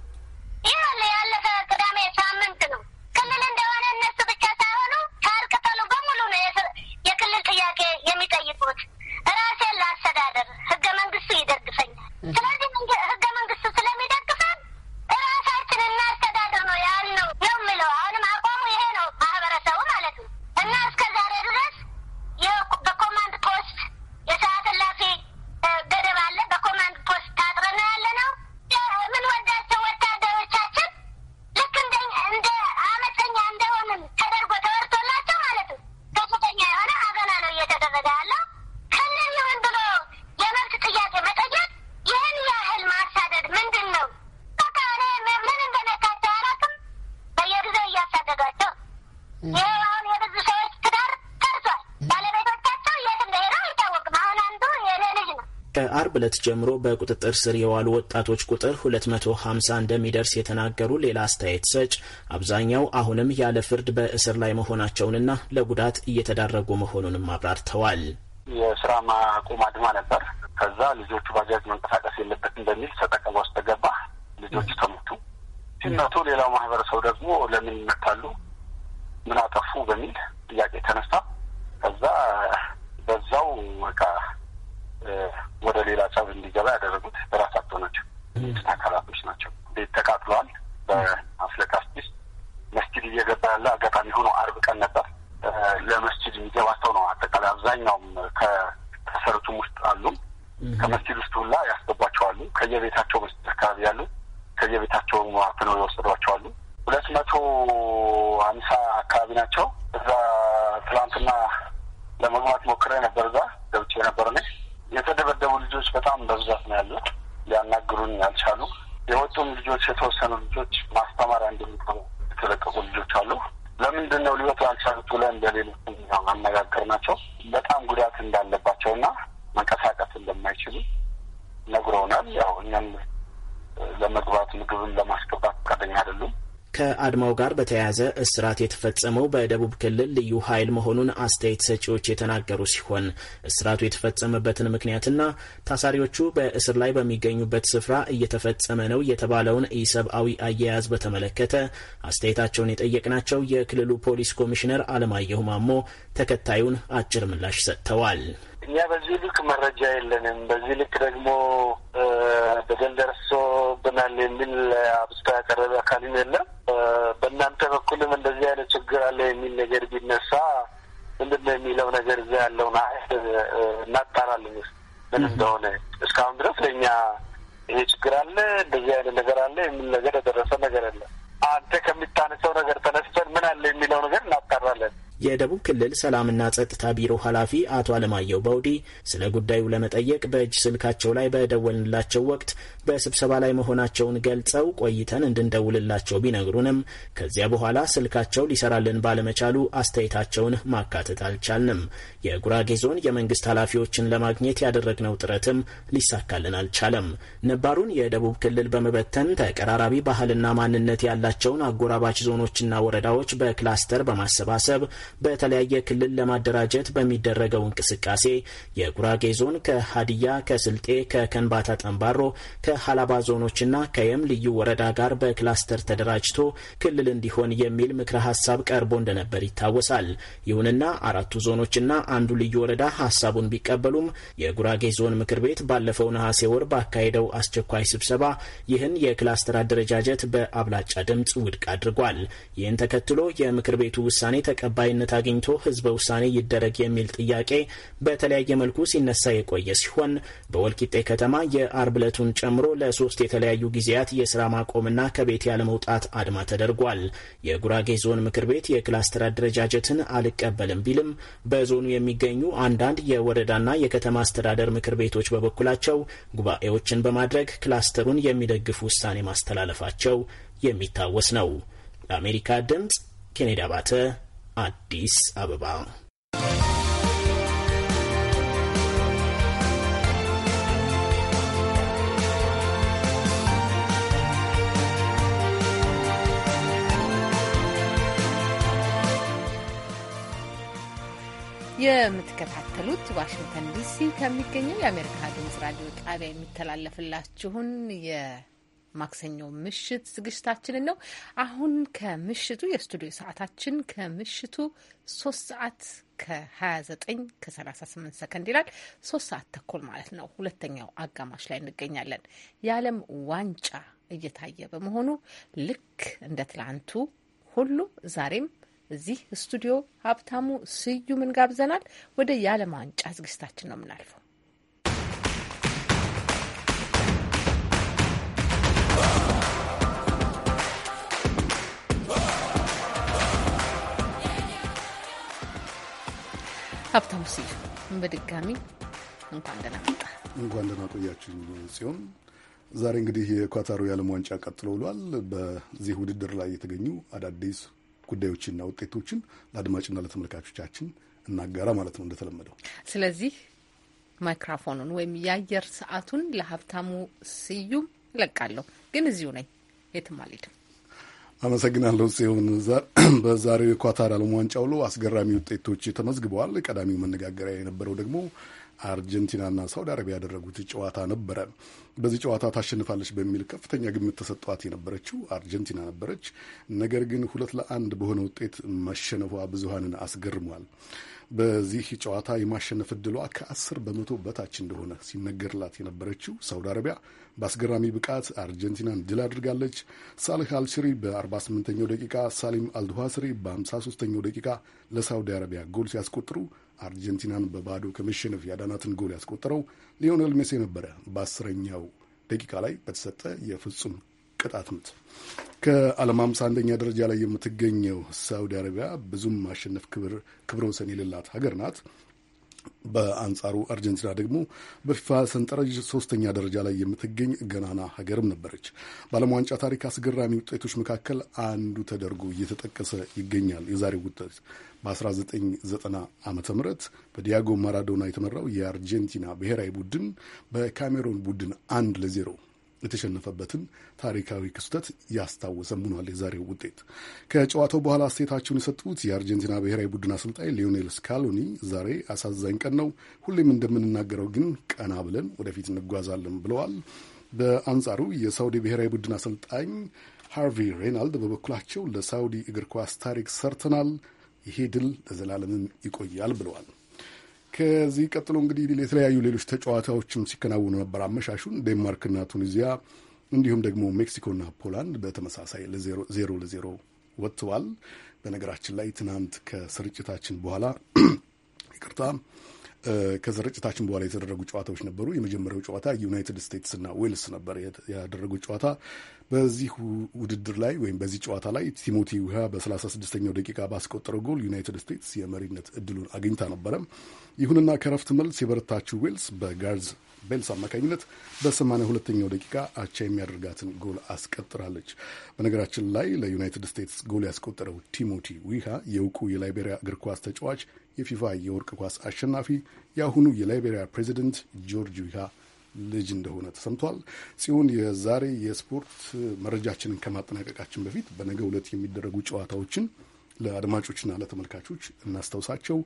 ዕለት ጀምሮ በቁጥጥር ስር የዋሉ ወጣቶች ቁጥር 250 እንደሚደርስ የተናገሩ ሌላ አስተያየት ሰጭ አብዛኛው አሁንም ያለ ፍርድ በእስር ላይ መሆናቸውንና ለጉዳት እየተዳረጉ መሆኑንም አብራርተዋል። የስራ ማቆም አድማ ነበር። ከዛ ልጆቹ ባጃጅ መንቀሳቀስ የለበትም በሚል ሰጠቀማ ውስጥ ተገባ። ልጆቹ ተሞቱ ሲመቱ፣ ሌላው ማህበረሰቡ ደግሞ ለምን ከሚሰሩትም ውስጥ አሉ። ከመስጂድ ውስጥ ሁላ ያስገቧቸዋሉ። ከየቤታቸው መስጂድ አካባቢ ያሉ ከየቤታቸው አፍነው የወሰዷቸዋሉ። ሁለት መቶ አምሳ አካባቢ ናቸው። እዛ ትላንትና ለመግባት ሞክሬ ነበር። እዛ ገብቼ ነበር ነ የተደበደቡ ልጆች በጣም በብዛት ነው ያሉት። ሊያናግሩን ያልቻሉ የወጡም ልጆች የተወሰኑ ልጆች ማስተማሪያ እንደሚቀሩ የተለቀቁ ልጆች አሉ። ለምንድን ነው ሊወጡ ያልቻሉት ብለን እንደሌሎቹ አነጋገር ናቸው። በጣም ጉዳት እንዳለባቸውና መንቀሳቀስ እንደማይችሉ ነግረውናል። ያው እኛም ለመግባት ምግብን ለማስገባት ፈቃደኛ አይደሉም። ከአድማው ጋር በተያያዘ እስራት የተፈጸመው በደቡብ ክልል ልዩ ኃይል መሆኑን አስተያየት ሰጪዎች የተናገሩ ሲሆን እስራቱ የተፈጸመበትን ምክንያትና ታሳሪዎቹ በእስር ላይ በሚገኙበት ስፍራ እየተፈጸመ ነው የተባለውን ኢሰብአዊ አያያዝ በተመለከተ አስተያየታቸውን የጠየቅናቸው የክልሉ ፖሊስ ኮሚሽነር አለማየሁ ማሞ ተከታዩን አጭር ምላሽ ሰጥተዋል። እኛ በዚህ ልክ መረጃ የለንም። በዚህ ልክ ደግሞ በደል ደርሶብናል የሚል አብስቶ ያቀረበ አካልም የለም። በእናንተ በኩልም እንደዚህ አይነት ችግር አለ የሚል ነገር ቢነሳ ምንድን ነው የሚለው ነገር እዛ ያለውን እናጣራለን ምን እንደሆነ። እስካሁን ድረስ ለእኛ ይሄ ችግር አለ እንደዚህ አይነት ነገር አለ የሚል ነገር የደረሰ ነገር የለም። አንተ ከሚታነሰው ነገር ተነስተን ምን አለ የሚለው ነገር እናጣራለን። የደቡብ ክልል ሰላምና ጸጥታ ቢሮ ኃላፊ አቶ አለማየሁ በውዲ ስለ ጉዳዩ ለመጠየቅ በእጅ ስልካቸው ላይ በደወልንላቸው ወቅት በስብሰባ ላይ መሆናቸውን ገልጸው ቆይተን እንድንደውልላቸው ቢነግሩንም ከዚያ በኋላ ስልካቸው ሊሰራልን ባለመቻሉ አስተያየታቸውን ማካተት አልቻልንም። የጉራጌ ዞን የመንግስት ኃላፊዎችን ለማግኘት ያደረግነው ጥረትም ሊሳካልን አልቻለም። ነባሩን የደቡብ ክልል በመበተን ተቀራራቢ ባህልና ማንነት ያላቸውን አጎራባች ዞኖችና ወረዳዎች በክላስተር በማሰባሰብ በተለያየ ክልል ለማደራጀት በሚደረገው እንቅስቃሴ የጉራጌ ዞን ከሀዲያ፣ ከስልጤ፣ ከከንባታ ጠንባሮ፣ ከሀላባ ዞኖችና ከየም ልዩ ወረዳ ጋር በክላስተር ተደራጅቶ ክልል እንዲሆን የሚል ምክረ ሀሳብ ቀርቦ እንደነበር ይታወሳል። ይሁንና አራቱ ዞኖችና አንዱ ልዩ ወረዳ ሀሳቡን ቢቀበሉም የጉራጌ ዞን ምክር ቤት ባለፈው ነሐሴ ወር ባካሄደው አስቸኳይ ስብሰባ ይህን የክላስተር አደረጃጀት በአብላጫ ድምፅ ውድቅ አድርጓል። ይህን ተከትሎ የምክር ቤቱ ውሳኔ ተቀባይ ተቀባይነት አግኝቶ ህዝበ ውሳኔ ይደረግ የሚል ጥያቄ በተለያየ መልኩ ሲነሳ የቆየ ሲሆን በወልቂጤ ከተማ የአርብ ዕለቱን ጨምሮ ለሶስት የተለያዩ ጊዜያት የስራ ማቆምና ከቤት ያለመውጣት አድማ ተደርጓል። የጉራጌ ዞን ምክር ቤት የክላስተር አደረጃጀትን አልቀበልም ቢልም በዞኑ የሚገኙ አንዳንድ የወረዳና የከተማ አስተዳደር ምክር ቤቶች በበኩላቸው ጉባኤዎችን በማድረግ ክላስተሩን የሚደግፍ ውሳኔ ማስተላለፋቸው የሚታወስ ነው። ለአሜሪካ ድምፅ ኬኔዲ አባተ አዲስ አበባ። የምትከታተሉት ዋሽንግተን ዲሲ ከሚገኘው የአሜሪካ ድምጽ ራዲዮ ጣቢያ የሚተላለፍላችሁን የ ማክሰኞ ምሽት ዝግጅታችንን ነው። አሁን ከምሽቱ የስቱዲዮ ሰዓታችን ከምሽቱ ሶስት ሰዓት ከ29 ከ38 ሰከንድ ይላል። ሶስት ሰዓት ተኩል ማለት ነው። ሁለተኛው አጋማሽ ላይ እንገኛለን። የዓለም ዋንጫ እየታየ በመሆኑ ልክ እንደ ትላንቱ ሁሉ ዛሬም እዚህ ስቱዲዮ ሀብታሙ ስዩምን ጋብዘናል። ወደ የዓለም ዋንጫ ዝግጅታችን ነው የምናልፈው። ሀብታሙ ስዩም በድጋሚ እንኳን ደህና መጣ። እንኳን ደህና ሲሆን ዛሬ እንግዲህ የኳታሩ የዓለም ዋንጫ ቀጥሎ ውሏል። በዚህ ውድድር ላይ የተገኙ አዳዲስ ጉዳዮችና ውጤቶችን ለአድማጭና ለተመልካቾቻችን እናጋራ ማለት ነው እንደተለመደው። ስለዚህ ማይክራፎኑን ወይም የአየር ሰዓቱን ለሀብታሙ ስዩም እለቃለሁ። ግን እዚሁ ነኝ፣ የትም አልሄድም። አመሰግናለሁ ጽዮን። በዛሬው የኳታር ዓለም ዋንጫ ውሎ አስገራሚ ውጤቶች ተመዝግበዋል። ቀዳሚው መነጋገሪያ የነበረው ደግሞ አርጀንቲናና ሳውዲ አረቢያ ያደረጉት ጨዋታ ነበረ። በዚህ ጨዋታ ታሸንፋለች በሚል ከፍተኛ ግምት ተሰጧት የነበረችው አርጀንቲና ነበረች። ነገር ግን ሁለት ለአንድ በሆነ ውጤት መሸነፏ ብዙሃንን አስገርሟል። በዚህ ጨዋታ የማሸነፍ እድሏ ከአስር በመቶ በታች እንደሆነ ሲነገርላት የነበረችው ሳውዲ አረቢያ በአስገራሚ ብቃት አርጀንቲናን ድል አድርጋለች። ሳልህ አልሽሪ በ48ኛው ደቂቃ፣ ሳሊም አልዱሃስሪ በ53ኛው ደቂቃ ለሳውዲ አረቢያ ጎል ሲያስቆጥሩ አርጀንቲናን በባዶ ከመሸነፍ ያዳናትን ጎል ያስቆጠረው ሊዮኔል ሜሲ ነበረ በአስረኛው ደቂቃ ላይ በተሰጠ የፍጹም ቅጣት ምት። ከዓለም አምሳ አንደኛ ደረጃ ላይ የምትገኘው ሳውዲ አረቢያ ብዙም ማሸነፍ ክብረ ወሰን የሌላት ሀገር ናት። በአንጻሩ አርጀንቲና ደግሞ በፊፋ ሰንጠረዥ ሶስተኛ ደረጃ ላይ የምትገኝ ገናና ሀገርም ነበረች። በዓለም ዋንጫ ታሪክ አስገራሚ ውጤቶች መካከል አንዱ ተደርጎ እየተጠቀሰ ይገኛል። የዛሬው ውጤት በ1990 ዓ ም በዲያጎ ማራዶና የተመራው የአርጀንቲና ብሔራዊ ቡድን በካሜሮን ቡድን አንድ ለዜሮ የተሸነፈበትን ታሪካዊ ክስተት ያስታወሰም ሆኗል የዛሬው ውጤት። ከጨዋታው በኋላ አስተያየታቸውን የሰጡት የአርጀንቲና ብሔራዊ ቡድን አሰልጣኝ ሊዮኔል ስካሎኒ ዛሬ አሳዛኝ ቀን ነው፣ ሁሌም እንደምንናገረው ግን ቀና ብለን ወደፊት እንጓዛለን ብለዋል። በአንጻሩ የሳውዲ ብሔራዊ ቡድን አሰልጣኝ ሃርቪ ሬናልድ በበኩላቸው ለሳውዲ እግር ኳስ ታሪክ ሰርተናል፣ ይሄ ድል ለዘላለምም ይቆያል ብለዋል። ከዚህ ቀጥሎ እንግዲህ የተለያዩ ሌሎች ተጫዋታዎችም ሲከናወኑ ነበር አመሻሹን። ዴንማርክና ቱኒዚያ እንዲሁም ደግሞ ሜክሲኮና ፖላንድ በተመሳሳይ ዜሮ ለዜሮ ወጥተዋል። በነገራችን ላይ ትናንት ከስርጭታችን በኋላ ይቅርታ ከስርጭታችን በኋላ የተደረጉ ጨዋታዎች ነበሩ። የመጀመሪያው ጨዋታ ዩናይትድ ስቴትስና ዌልስ ነበር ያደረጉት ጨዋታ። በዚህ ውድድር ላይ ወይም በዚህ ጨዋታ ላይ ቲሞቲ ውሃ በ36ኛው ደቂቃ ባስቆጠረው ጎል ዩናይትድ ስቴትስ የመሪነት እድሉን አግኝታ ነበረ። ይሁንና ከረፍት መልስ የበረታችው ዌልስ በጋርዝ ቤልስ አማካኝነት በሰማንያ ሁለተኛው ደቂቃ አቻ የሚያደርጋትን ጎል አስቀጥራለች። በነገራችን ላይ ለዩናይትድ ስቴትስ ጎል ያስቆጠረው ቲሞቲ ዊሃ የእውቁ የላይቤሪያ እግር ኳስ ተጫዋች የፊፋ የወርቅ ኳስ አሸናፊ የአሁኑ የላይቤሪያ ፕሬዚደንት ጆርጂያ ልጅ እንደሆነ ተሰምቷል። ሲሆን የዛሬ የስፖርት መረጃችንን ከማጠናቀቃችን በፊት በነገ ዕለት የሚደረጉ ጨዋታዎችን ለአድማጮችና ለተመልካቾች እናስታውሳቸው።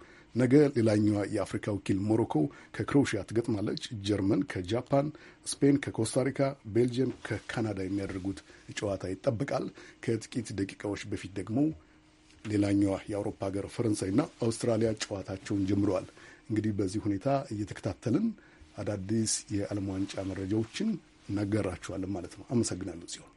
ነገ ሌላኛዋ የአፍሪካ ወኪል ሞሮኮ ከክሮኤሽያ ትገጥማለች። ጀርመን ከጃፓን፣ ስፔን ከኮስታሪካ፣ ቤልጅየም ከካናዳ የሚያደርጉት ጨዋታ ይጠበቃል። ከጥቂት ደቂቃዎች በፊት ደግሞ ሌላኛዋ የአውሮፓ ሀገር ፈረንሳይና አውስትራሊያ ጨዋታቸውን ጀምረዋል። እንግዲህ በዚህ ሁኔታ እየተከታተልን አዳዲስ የዓለም ዋንጫ መረጃዎችን እናጋራችኋለን ማለት ነው። አመሰግናለሁ ሲሆን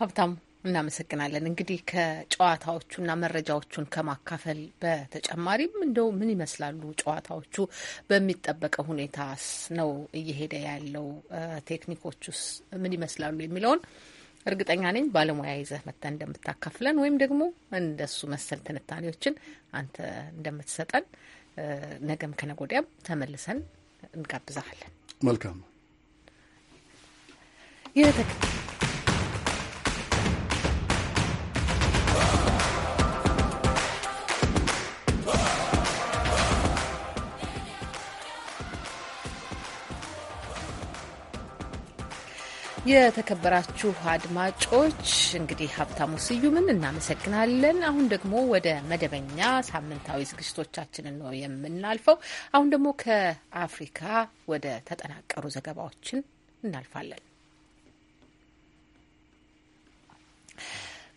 ሀብታም እናመሰግናለን። እንግዲህ ከጨዋታዎቹና መረጃዎቹን ከማካፈል በተጨማሪም እንደው ምን ይመስላሉ ጨዋታዎቹ? በሚጠበቀው ሁኔታስ ነው እየሄደ ያለው? ቴክኒኮቹስ ምን ይመስላሉ የሚለውን እርግጠኛ ነኝ ባለሙያ ይዘህ መጥተህ እንደምታካፍለን ወይም ደግሞ እንደሱ መሰል ትንታኔዎችን አንተ እንደምትሰጠን ነገም ከነገ ወዲያም ተመልሰን እንጋብዛሃለን። መልካም የተከበራችሁ አድማጮች እንግዲህ ሀብታሙ ስዩምን እናመሰግናለን። አሁን ደግሞ ወደ መደበኛ ሳምንታዊ ዝግጅቶቻችንን ነው የምናልፈው። አሁን ደግሞ ከአፍሪካ ወደ ተጠናቀሩ ዘገባዎችን እናልፋለን።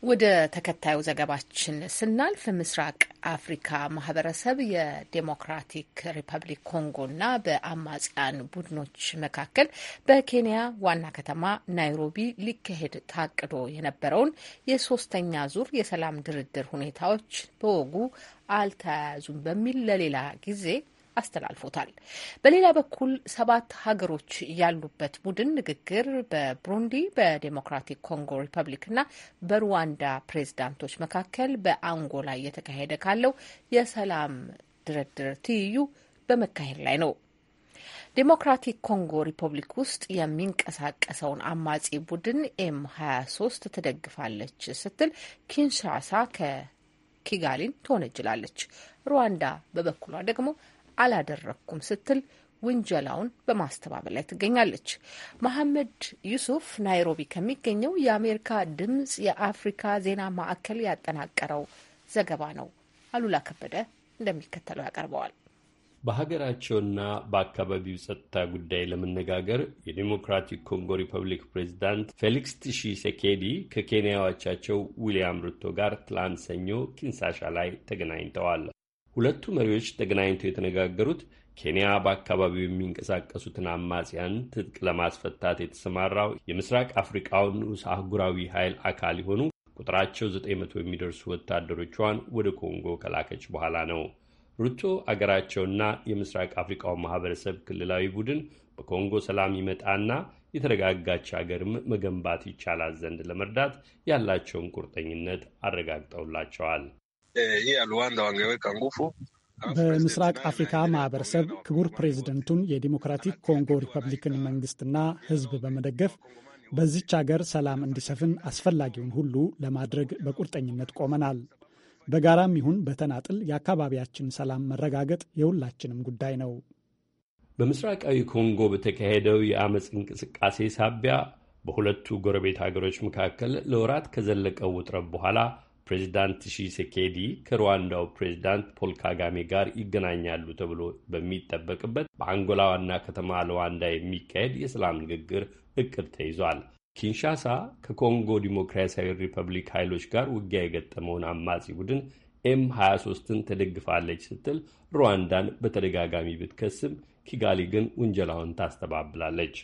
ወደ ተከታዩ ዘገባችን ስናልፍ ምስራቅ አፍሪካ ማህበረሰብ የዴሞክራቲክ ሪፐብሊክ ኮንጎና በአማጽያን ቡድኖች መካከል በኬንያ ዋና ከተማ ናይሮቢ ሊካሄድ ታቅዶ የነበረውን የሶስተኛ ዙር የሰላም ድርድር ሁኔታዎች በወጉ አልተያያዙም በሚል ለሌላ ጊዜ አስተላልፎታል። በሌላ በኩል ሰባት ሀገሮች ያሉበት ቡድን ንግግር በብሩንዲ፣ በዴሞክራቲክ ኮንጎ ሪፐብሊክና በሩዋንዳ ፕሬዝዳንቶች መካከል በአንጎላ እየተካሄደ ካለው የሰላም ድርድር ትይዩ በመካሄድ ላይ ነው። ዴሞክራቲክ ኮንጎ ሪፐብሊክ ውስጥ የሚንቀሳቀሰውን አማጺ ቡድን ኤም 23 ትደግፋለች ስትል ኪንሻሳ ከኪጋሊን ትወነጅላለች። ሩዋንዳ በበኩሏ ደግሞ አላደረግኩም ስትል ውንጀላውን በማስተባበል ላይ ትገኛለች። መሐመድ ዩሱፍ ናይሮቢ ከሚገኘው የአሜሪካ ድምጽ የአፍሪካ ዜና ማዕከል ያጠናቀረው ዘገባ ነው። አሉላ ከበደ እንደሚከተለው ያቀርበዋል። በሀገራቸውና በአካባቢው ጸጥታ ጉዳይ ለመነጋገር የዲሞክራቲክ ኮንጎ ሪፐብሊክ ፕሬዚዳንት ፌሊክስ ቲሺሴኬዲ ከኬንያዋቻቸው ዊልያም ሩቶ ጋር ትላንት ሰኞ ኪንሳሻ ላይ ተገናኝተዋል። ሁለቱ መሪዎች ተገናኝተው የተነጋገሩት ኬንያ በአካባቢው የሚንቀሳቀሱትን አማጽያን ትጥቅ ለማስፈታት የተሰማራው የምስራቅ አፍሪቃው ንዑስ አህጉራዊ ኃይል አካል የሆኑ ቁጥራቸው 900 የሚደርሱ ወታደሮቿን ወደ ኮንጎ ከላከች በኋላ ነው። ሩቶ አገራቸውና የምስራቅ አፍሪቃው ማህበረሰብ ክልላዊ ቡድን በኮንጎ ሰላም ይመጣና የተረጋጋች አገርም መገንባት ይቻላል ዘንድ ለመርዳት ያላቸውን ቁርጠኝነት አረጋግጠውላቸዋል። Eh, የሉዋንዳ wangeweka ካንጉፉ በምስራቅ አፍሪካ ማህበረሰብ ክቡር ፕሬዚደንቱን የዲሞክራቲክ ኮንጎ ሪፐብሊክን መንግስትና ህዝብ በመደገፍ በዚች አገር ሰላም እንዲሰፍን አስፈላጊውን ሁሉ ለማድረግ በቁርጠኝነት ቆመናል። በጋራም ይሁን በተናጥል የአካባቢያችን ሰላም መረጋገጥ የሁላችንም ጉዳይ ነው። በምስራቃዊ ኮንጎ በተካሄደው የአመፅ እንቅስቃሴ ሳቢያ በሁለቱ ጎረቤት ሀገሮች መካከል ለወራት ከዘለቀው ውጥረት በኋላ ፕሬዚዳንት ሺሴኬዲ ከሩዋንዳው ፕሬዚዳንት ፖል ካጋሜ ጋር ይገናኛሉ ተብሎ በሚጠበቅበት በአንጎላ ዋና ከተማ ሉዋንዳ የሚካሄድ የሰላም ንግግር እቅድ ተይዟል። ኪንሻሳ ከኮንጎ ዲሞክራሲያዊ ሪፐብሊክ ኃይሎች ጋር ውጊያ የገጠመውን አማጺ ቡድን ኤም 23ን ተደግፋለች ስትል ሩዋንዳን በተደጋጋሚ ብትከስም ኪጋሊ ግን ውንጀላውን ታስተባብላለች።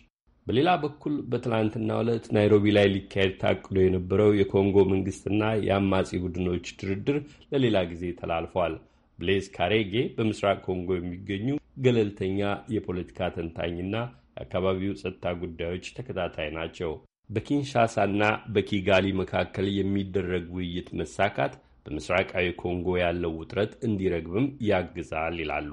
በሌላ በኩል በትላንትና ዕለት ናይሮቢ ላይ ሊካሄድ ታቅዶ የነበረው የኮንጎ መንግስትና የአማጺ ቡድኖች ድርድር ለሌላ ጊዜ ተላልፏል። ብሌዝ ካሬጌ በምስራቅ ኮንጎ የሚገኙ ገለልተኛ የፖለቲካ ተንታኝና የአካባቢው ጸጥታ ጉዳዮች ተከታታይ ናቸው። በኪንሻሳና በኪጋሊ መካከል የሚደረግ ውይይት መሳካት በምስራቃዊ ኮንጎ ያለው ውጥረት እንዲረግብም ያግዛል ይላሉ።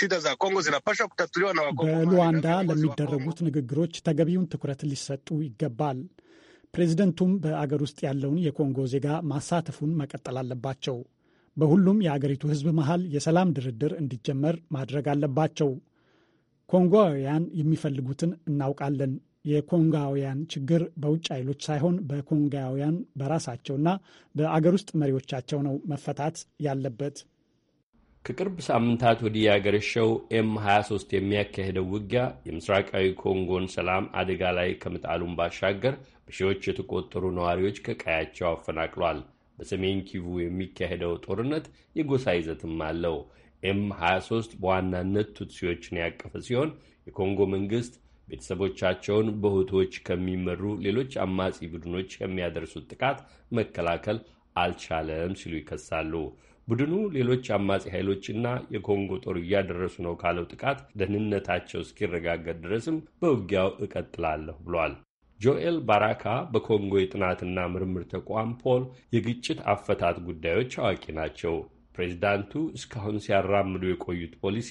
shida za Kongo zinapasha kutatuliwa na Wakongo. በሉዋንዳ ለሚደረጉት ንግግሮች ተገቢውን ትኩረት ሊሰጡ ይገባል። ፕሬዚደንቱም በአገር ውስጥ ያለውን የኮንጎ ዜጋ ማሳተፉን መቀጠል አለባቸው። በሁሉም የአገሪቱ ሕዝብ መሃል የሰላም ድርድር እንዲጀመር ማድረግ አለባቸው። ኮንጓውያን የሚፈልጉትን እናውቃለን። የኮንጋውያን ችግር በውጭ ኃይሎች ሳይሆን በኮንጋውያን በራሳቸውና በአገር ውስጥ መሪዎቻቸው ነው መፈታት ያለበት። ከቅርብ ሳምንታት ወዲህ ያገረሸው ኤም 23 የሚያካሄደው ውጊያ የምስራቃዊ ኮንጎን ሰላም አደጋ ላይ ከምጣሉን ባሻገር በሺዎች የተቆጠሩ ነዋሪዎች ከቀያቸው አፈናቅሏል። በሰሜን ኪቩ የሚካሄደው ጦርነት የጎሳ ይዘትም አለው። ኤም 23 በዋናነት ቱትሲዎችን ያቀፈ ሲሆን የኮንጎ መንግስት ቤተሰቦቻቸውን በሁቶች ከሚመሩ ሌሎች አማጺ ቡድኖች የሚያደርሱት ጥቃት መከላከል አልቻለም ሲሉ ይከሳሉ። ቡድኑ ሌሎች አማጺ ኃይሎችና የኮንጎ ጦር እያደረሱ ነው ካለው ጥቃት ደህንነታቸው እስኪረጋገጥ ድረስም በውጊያው እቀጥላለሁ ብሏል። ጆኤል ባራካ በኮንጎ የጥናትና ምርምር ተቋም ፖል የግጭት አፈታት ጉዳዮች አዋቂ ናቸው። ፕሬዚዳንቱ እስካሁን ሲያራምዱ የቆዩት ፖሊሲ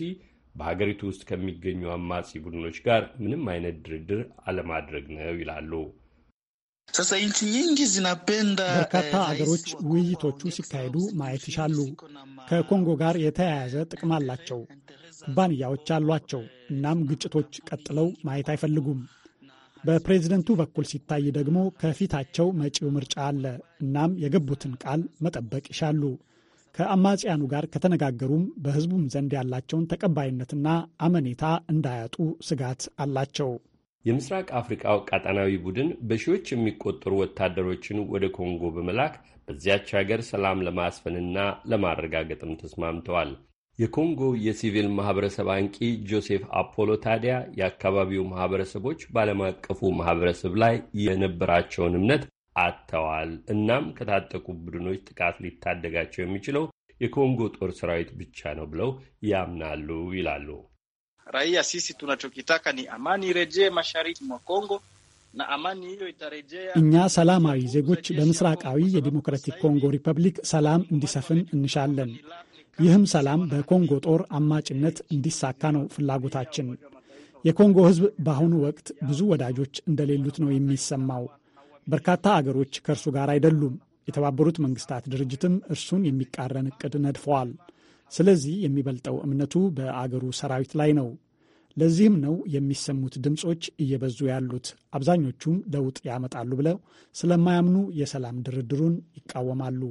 በሀገሪቱ ውስጥ ከሚገኙ አማጺ ቡድኖች ጋር ምንም አይነት ድርድር አለማድረግ ነው ይላሉ። Sasa nchi nyingi zinapenda eh, በርካታ ሀገሮች ውይይቶቹ ሲካሄዱ ማየት ይሻሉ። ከኮንጎ ጋር የተያያዘ ጥቅም አላቸው፣ ኩባንያዎች አሏቸው። እናም ግጭቶች ቀጥለው ማየት አይፈልጉም። በፕሬዝደንቱ በኩል ሲታይ ደግሞ ከፊታቸው መጪው ምርጫ አለ። እናም የገቡትን ቃል መጠበቅ ይሻሉ። ከአማጽያኑ ጋር ከተነጋገሩም በሕዝቡም ዘንድ ያላቸውን ተቀባይነትና አመኔታ እንዳያጡ ስጋት አላቸው። የምስራቅ አፍሪካው ቀጠናዊ ቡድን በሺዎች የሚቆጠሩ ወታደሮችን ወደ ኮንጎ በመላክ በዚያች ሀገር ሰላም ለማስፈንና ለማረጋገጥም ተስማምተዋል። የኮንጎ የሲቪል ማህበረሰብ አንቂ ጆሴፍ አፖሎ ታዲያ የአካባቢው ማህበረሰቦች በዓለም አቀፉ ማህበረሰብ ላይ የነበራቸውን እምነት አጥተዋል። እናም ከታጠቁ ቡድኖች ጥቃት ሊታደጋቸው የሚችለው የኮንጎ ጦር ሰራዊት ብቻ ነው ብለው ያምናሉ ይላሉ። raia sisi tunachokitaka ni amani irejee mashariki mwa Kongo na amani hiyo itarejea. እኛ ሰላማዊ ዜጎች በምስራቃዊ የዲሞክራቲክ ኮንጎ ሪፐብሊክ ሰላም እንዲሰፍን እንሻለን። ይህም ሰላም በኮንጎ ጦር አማጭነት እንዲሳካ ነው ፍላጎታችን። የኮንጎ ሕዝብ በአሁኑ ወቅት ብዙ ወዳጆች እንደሌሉት ነው የሚሰማው። በርካታ አገሮች ከእርሱ ጋር አይደሉም። የተባበሩት መንግስታት ድርጅትም እርሱን የሚቃረን እቅድ ነድፈዋል። ስለዚህ የሚበልጠው እምነቱ በአገሩ ሰራዊት ላይ ነው። ለዚህም ነው የሚሰሙት ድምፆች እየበዙ ያሉት። አብዛኞቹም ለውጥ ያመጣሉ ብለው ስለማያምኑ የሰላም ድርድሩን ይቃወማሉ።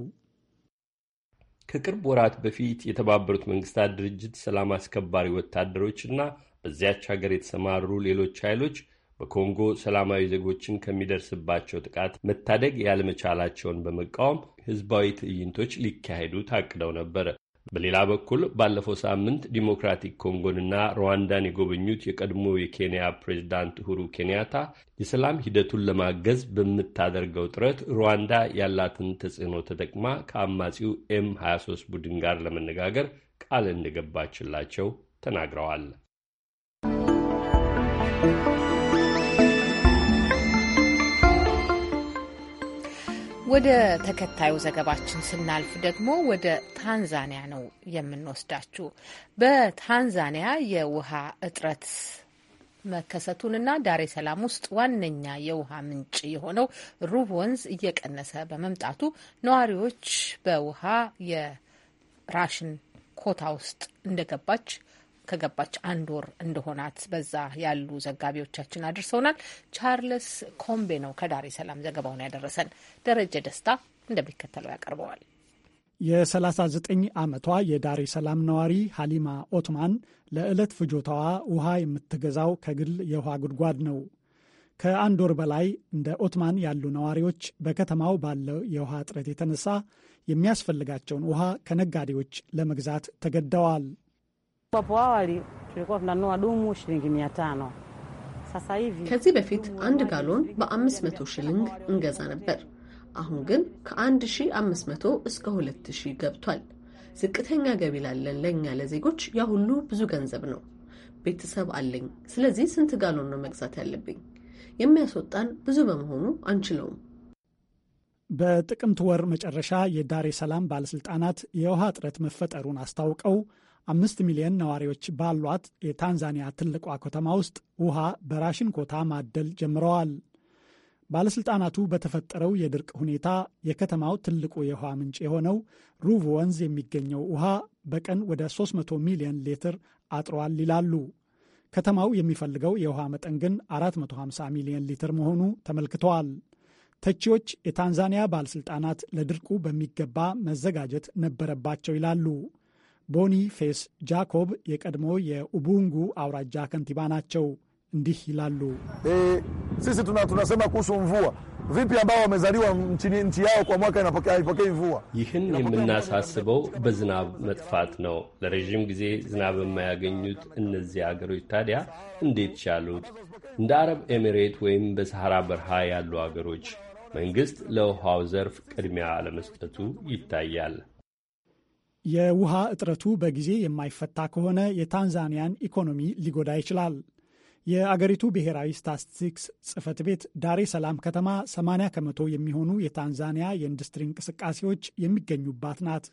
ከቅርብ ወራት በፊት የተባበሩት መንግስታት ድርጅት ሰላም አስከባሪ ወታደሮችና በዚያች ሀገር የተሰማሩ ሌሎች ኃይሎች በኮንጎ ሰላማዊ ዜጎችን ከሚደርስባቸው ጥቃት መታደግ ያለመቻላቸውን በመቃወም ህዝባዊ ትዕይንቶች ሊካሄዱ ታቅደው ነበር። በሌላ በኩል ባለፈው ሳምንት ዲሞክራቲክ ኮንጎንና ሩዋንዳን የጎበኙት የቀድሞ የኬንያ ፕሬዚዳንት ሁሩ ኬንያታ የሰላም ሂደቱን ለማገዝ በምታደርገው ጥረት ሩዋንዳ ያላትን ተጽዕኖ ተጠቅማ ከአማጺው ኤም 23 ቡድን ጋር ለመነጋገር ቃል እንደገባችላቸው ተናግረዋል። ወደ ተከታዩ ዘገባችን ስናልፍ ደግሞ ወደ ታንዛኒያ ነው የምንወስዳችሁ። በታንዛኒያ የውሃ እጥረት መከሰቱንና ዳሬ ሰላም ውስጥ ዋነኛ የውሃ ምንጭ የሆነው ሩብ ወንዝ እየቀነሰ በመምጣቱ ነዋሪዎች በውሃ የራሽን ኮታ ውስጥ እንደገባች ከገባች አንድ ወር እንደሆናት በዛ ያሉ ዘጋቢዎቻችን አድርሰውናል። ቻርልስ ኮምቤ ነው ከዳሬ ሰላም ዘገባውን ያደረሰን። ደረጀ ደስታ እንደሚከተለው ያቀርበዋል። የ39 ዓመቷ የዳሬ ሰላም ነዋሪ ሀሊማ ኦትማን ለዕለት ፍጆታዋ ውሃ የምትገዛው ከግል የውሃ ጉድጓድ ነው። ከአንድ ወር በላይ እንደ ኦትማን ያሉ ነዋሪዎች በከተማው ባለው የውሃ እጥረት የተነሳ የሚያስፈልጋቸውን ውሃ ከነጋዴዎች ለመግዛት ተገደዋል። Hapo awali tulikuwa tunanunua dumu shilingi mia tano. Sasa hivi ከዚህ በፊት አንድ ጋሎን በ500 ሽልንግ እንገዛ ነበር። አሁን ግን ከ1500 እስከ 2000 ገብቷል። ዝቅተኛ ገቢ ላለን ለእኛ ለዜጎች ያ ሁሉ ብዙ ገንዘብ ነው። ቤተሰብ አለኝ። ስለዚህ ስንት ጋሎን ነው መግዛት ያለብኝ? የሚያስወጣን ብዙ በመሆኑ አንችለውም። በጥቅምት ወር መጨረሻ የዳሬ ሰላም ባለሥልጣናት የውሃ እጥረት መፈጠሩን አስታውቀው አምስት ሚሊዮን ነዋሪዎች ባሏት የታንዛኒያ ትልቋ ከተማ ውስጥ ውሃ በራሽን ኮታ ማደል ጀምረዋል። ባለሥልጣናቱ በተፈጠረው የድርቅ ሁኔታ የከተማው ትልቁ የውሃ ምንጭ የሆነው ሩቭ ወንዝ የሚገኘው ውሃ በቀን ወደ 300 ሚሊዮን ሊትር አጥሯል ይላሉ። ከተማው የሚፈልገው የውሃ መጠን ግን 450 ሚሊዮን ሊትር መሆኑ ተመልክተዋል። ተቺዎች የታንዛኒያ ባለሥልጣናት ለድርቁ በሚገባ መዘጋጀት ነበረባቸው ይላሉ። ቦኒ ፌስ ጃኮብ የቀድሞ የኡቡንጉ አውራጃ ከንቲባ ናቸው። እንዲህ ይላሉ። ሲሲ ይህን የምናሳስበው በዝናብ መጥፋት ነው። ለረዥም ጊዜ ዝናብ የማያገኙት እነዚህ አገሮች ታዲያ እንዴት ቻሉት? እንደ አረብ ኤሚሬት ወይም በሰሐራ በረሃ ያሉ አገሮች መንግሥት ለውሃው ዘርፍ ቅድሚያ አለመስጠቱ ይታያል። የውሃ እጥረቱ በጊዜ የማይፈታ ከሆነ የታንዛኒያን ኢኮኖሚ ሊጎዳ ይችላል። የአገሪቱ ብሔራዊ ስታትስቲክስ ጽህፈት ቤት ዳሬ ሰላም ከተማ 80 ከመቶ የሚሆኑ የታንዛኒያ የኢንዱስትሪ እንቅስቃሴዎች የሚገኙባት ናት።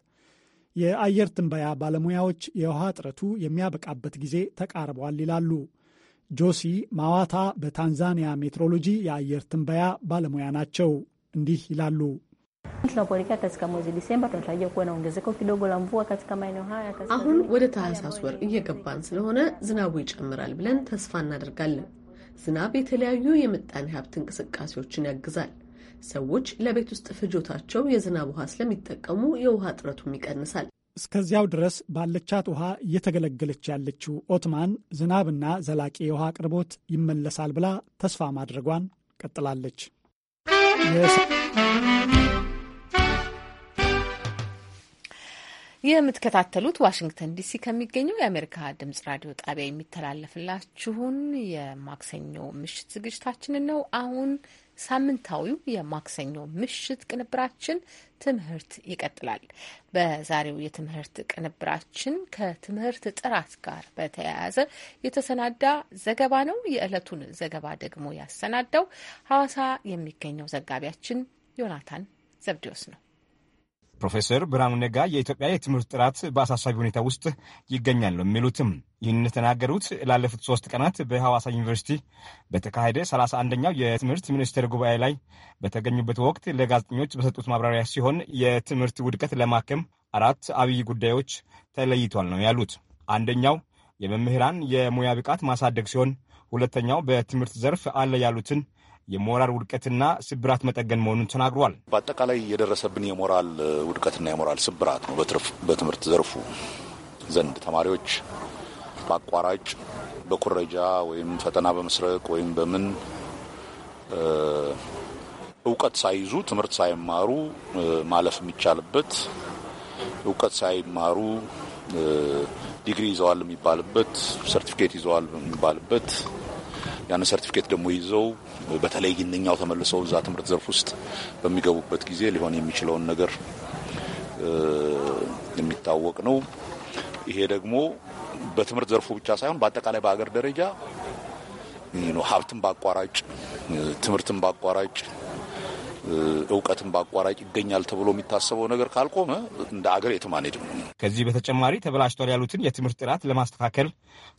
የአየር ትንበያ ባለሙያዎች የውሃ እጥረቱ የሚያበቃበት ጊዜ ተቃርቧል ይላሉ። ጆሲ ማዋታ በታንዛኒያ ሜትሮሎጂ የአየር ትንበያ ባለሙያ ናቸው። እንዲህ ይላሉ። Tunapoelekea katika mwezi Disemba, tunatarajia kuwa na ongezeko kidogo la mvua katika maeneo haya. Aሁን wደ ታህሳስ ወር እየገባን ስለሆነ ዝናቡ ይጨምራል ብለን ተስፋ እናደርጋለን። ዝናብ የተለያዩ የምጣኔ ሀብት እንቅስቃሴዎችን ያግዛል። ሰዎች ለቤት ውስጥ ፍጆታቸው የዝናብ ውሃ ስለሚጠቀሙ የውሃ እጥረቱም ይቀንሳል። እስከዚያው ድረስ ባለቻት ውሃ እየተገለገለች ያለችው ኦትማን ዝናብና ዘላቂ የውሃ አቅርቦት ይመለሳል ብላ ተስፋ ማድረጓን ቀጥላለች። የምትከታተሉት ዋሽንግተን ዲሲ ከሚገኘው የአሜሪካ ድምጽ ራዲዮ ጣቢያ የሚተላለፍላችሁን የማክሰኞ ምሽት ዝግጅታችንን ነው። አሁን ሳምንታዊው የማክሰኞ ምሽት ቅንብራችን ትምህርት ይቀጥላል። በዛሬው የትምህርት ቅንብራችን ከትምህርት ጥራት ጋር በተያያዘ የተሰናዳ ዘገባ ነው። የዕለቱን ዘገባ ደግሞ ያሰናዳው ሐዋሳ የሚገኘው ዘጋቢያችን ዮናታን ዘብዲዎስ ነው። ፕሮፌሰር ብርሃኑ ነጋ የኢትዮጵያ የትምህርት ጥራት በአሳሳቢ ሁኔታ ውስጥ ይገኛል የሚሉትም ይህን የተናገሩት ላለፉት ሶስት ቀናት በሐዋሳ ዩኒቨርሲቲ በተካሄደ 31ኛው የትምህርት ሚኒስቴር ጉባኤ ላይ በተገኙበት ወቅት ለጋዜጠኞች በሰጡት ማብራሪያ ሲሆን የትምህርት ውድቀት ለማከም አራት አብይ ጉዳዮች ተለይቷል ነው ያሉት። አንደኛው የመምህራን የሙያ ብቃት ማሳደግ ሲሆን፣ ሁለተኛው በትምህርት ዘርፍ አለ ያሉትን የሞራል ውድቀትና ስብራት መጠገን መሆኑን ተናግሯል። በአጠቃላይ የደረሰብን የሞራል ውድቀትና የሞራል ስብራት ነው። በትምህርት ዘርፉ ዘንድ ተማሪዎች በአቋራጭ በኩረጃ ወይም ፈተና በመስረቅ ወይም በምን እውቀት ሳይዙ ትምህርት ሳይማሩ ማለፍ የሚቻልበት እውቀት ሳይማሩ ዲግሪ ይዘዋል የሚባልበት ሰርቲፊኬት ይዘዋል የሚባልበት ያን ሰርቲፊኬት ደግሞ ይዘው በተለይ ግንኛው ተመልሰው እዛ ትምህርት ዘርፍ ውስጥ በሚገቡበት ጊዜ ሊሆን የሚችለውን ነገር የሚታወቅ ነው። ይሄ ደግሞ በትምህርት ዘርፉ ብቻ ሳይሆን በአጠቃላይ በሀገር ደረጃ ሀብትን በአቋራጭ ትምህርትን በአቋራጭ እውቀትን በአቋራጭ ይገኛል ተብሎ የሚታሰበው ነገር ካልቆመ እንደ አገር የትም አንሄድም። ከዚህ በተጨማሪ ተበላሽቷል ያሉትን የትምህርት ጥራት ለማስተካከል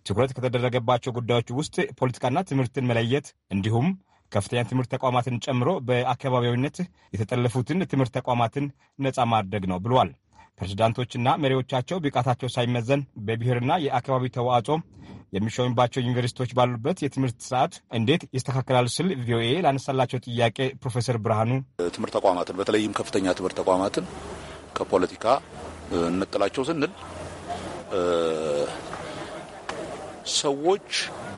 ትኩረት ከተደረገባቸው ጉዳዮች ውስጥ ፖለቲካና ትምህርትን መለየት እንዲሁም ከፍተኛ ትምህርት ተቋማትን ጨምሮ በአካባቢያዊነት የተጠለፉትን ትምህርት ተቋማትን ነፃ ማድረግ ነው ብሏል። ፕሬዚዳንቶችና መሪዎቻቸው ብቃታቸው ሳይመዘን በብሔርና የአካባቢ ተዋጽኦ የሚሾምባቸው ዩኒቨርሲቲዎች ባሉበት የትምህርት ስርዓት እንዴት ይስተካከላል ስል ቪኦኤ ላነሳላቸው ጥያቄ ፕሮፌሰር ብርሃኑ ትምህርት ተቋማትን በተለይም ከፍተኛ ትምህርት ተቋማትን ከፖለቲካ እንጥላቸው ስንል ሰዎች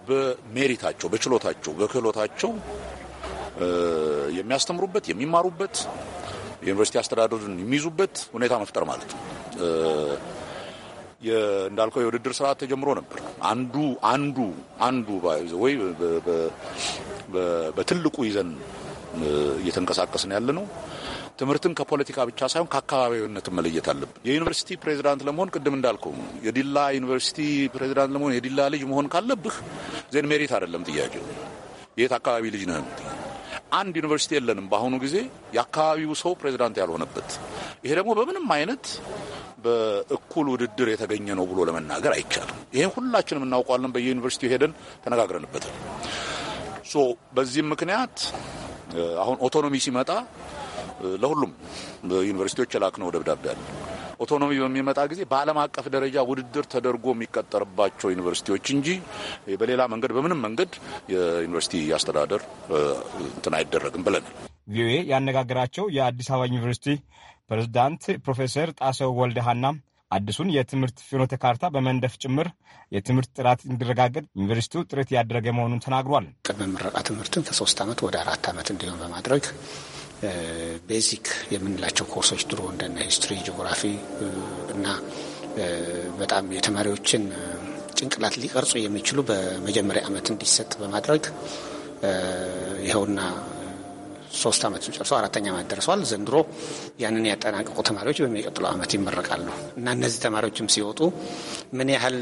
በሜሪታቸው በችሎታቸው በክህሎታቸው የሚያስተምሩበት የሚማሩበት የዩኒቨርሲቲ አስተዳደሩን የሚይዙበት ሁኔታ መፍጠር ማለት ነው። እንዳልከው የውድድር ስርዓት ተጀምሮ ነበር። አንዱ አንዱ አንዱ ወይ በትልቁ ይዘን እየተንቀሳቀስን ያለ ነው ትምህርትን ከፖለቲካ ብቻ ሳይሆን ከአካባቢዊነት መለየት አለብን። የዩኒቨርሲቲ ፕሬዚዳንት ለመሆን ቅድም እንዳልኩ የዲላ ዩኒቨርሲቲ ፕሬዚዳንት ለመሆን የዲላ ልጅ መሆን ካለብህ ዜን ሜሪት አይደለም ጥያቄው፣ የት አካባቢ ልጅ ነህ። አንድ ዩኒቨርሲቲ የለንም በአሁኑ ጊዜ የአካባቢው ሰው ፕሬዚዳንት ያልሆነበት። ይሄ ደግሞ በምንም አይነት በእኩል ውድድር የተገኘ ነው ብሎ ለመናገር አይቻልም። ይህን ሁላችንም እናውቋለን። በየዩኒቨርሲቲ ሄደን ተነጋግረንበታል። ሶ በዚህም ምክንያት አሁን ኦቶኖሚ ሲመጣ ለሁሉም ዩኒቨርሲቲዎች የላክነው ደብዳቤ አለ። ኦቶኖሚ በሚመጣ ጊዜ በዓለም አቀፍ ደረጃ ውድድር ተደርጎ የሚቀጠርባቸው ዩኒቨርሲቲዎች እንጂ በሌላ መንገድ በምንም መንገድ የዩኒቨርሲቲ አስተዳደር እንትን አይደረግም ብለናል። ቪኦኤ ያነጋገራቸው የአዲስ አበባ ዩኒቨርሲቲ ፕሬዝዳንት ፕሮፌሰር ጣሰው ወልደሃና አዲሱን የትምህርት ፍኖተ ካርታ በመንደፍ ጭምር የትምህርት ጥራት እንዲረጋገጥ ዩኒቨርሲቲው ጥረት ያደረገ መሆኑን ተናግሯል። ቅድመ ምረቃ ትምህርትን ከሶስት ዓመት ወደ አራት ዓመት እንዲሆን በማድረግ ቤዚክ የምንላቸው ኮርሶች ድሮ እንደነ ሂስትሪ፣ ጂኦግራፊ እና በጣም የተማሪዎችን ጭንቅላት ሊቀርጹ የሚችሉ በመጀመሪያ ዓመት እንዲሰጥ በማድረግ ይኸውና ሶስት ዓመቱን ጨርሶ አራተኛ ዓመት ደርሰዋል። ዘንድሮ ያንን ያጠናቀቁ ተማሪዎች በሚቀጥለው ዓመት ይመረቃሉ እና እነዚህ ተማሪዎችም ሲወጡ ምን ያህል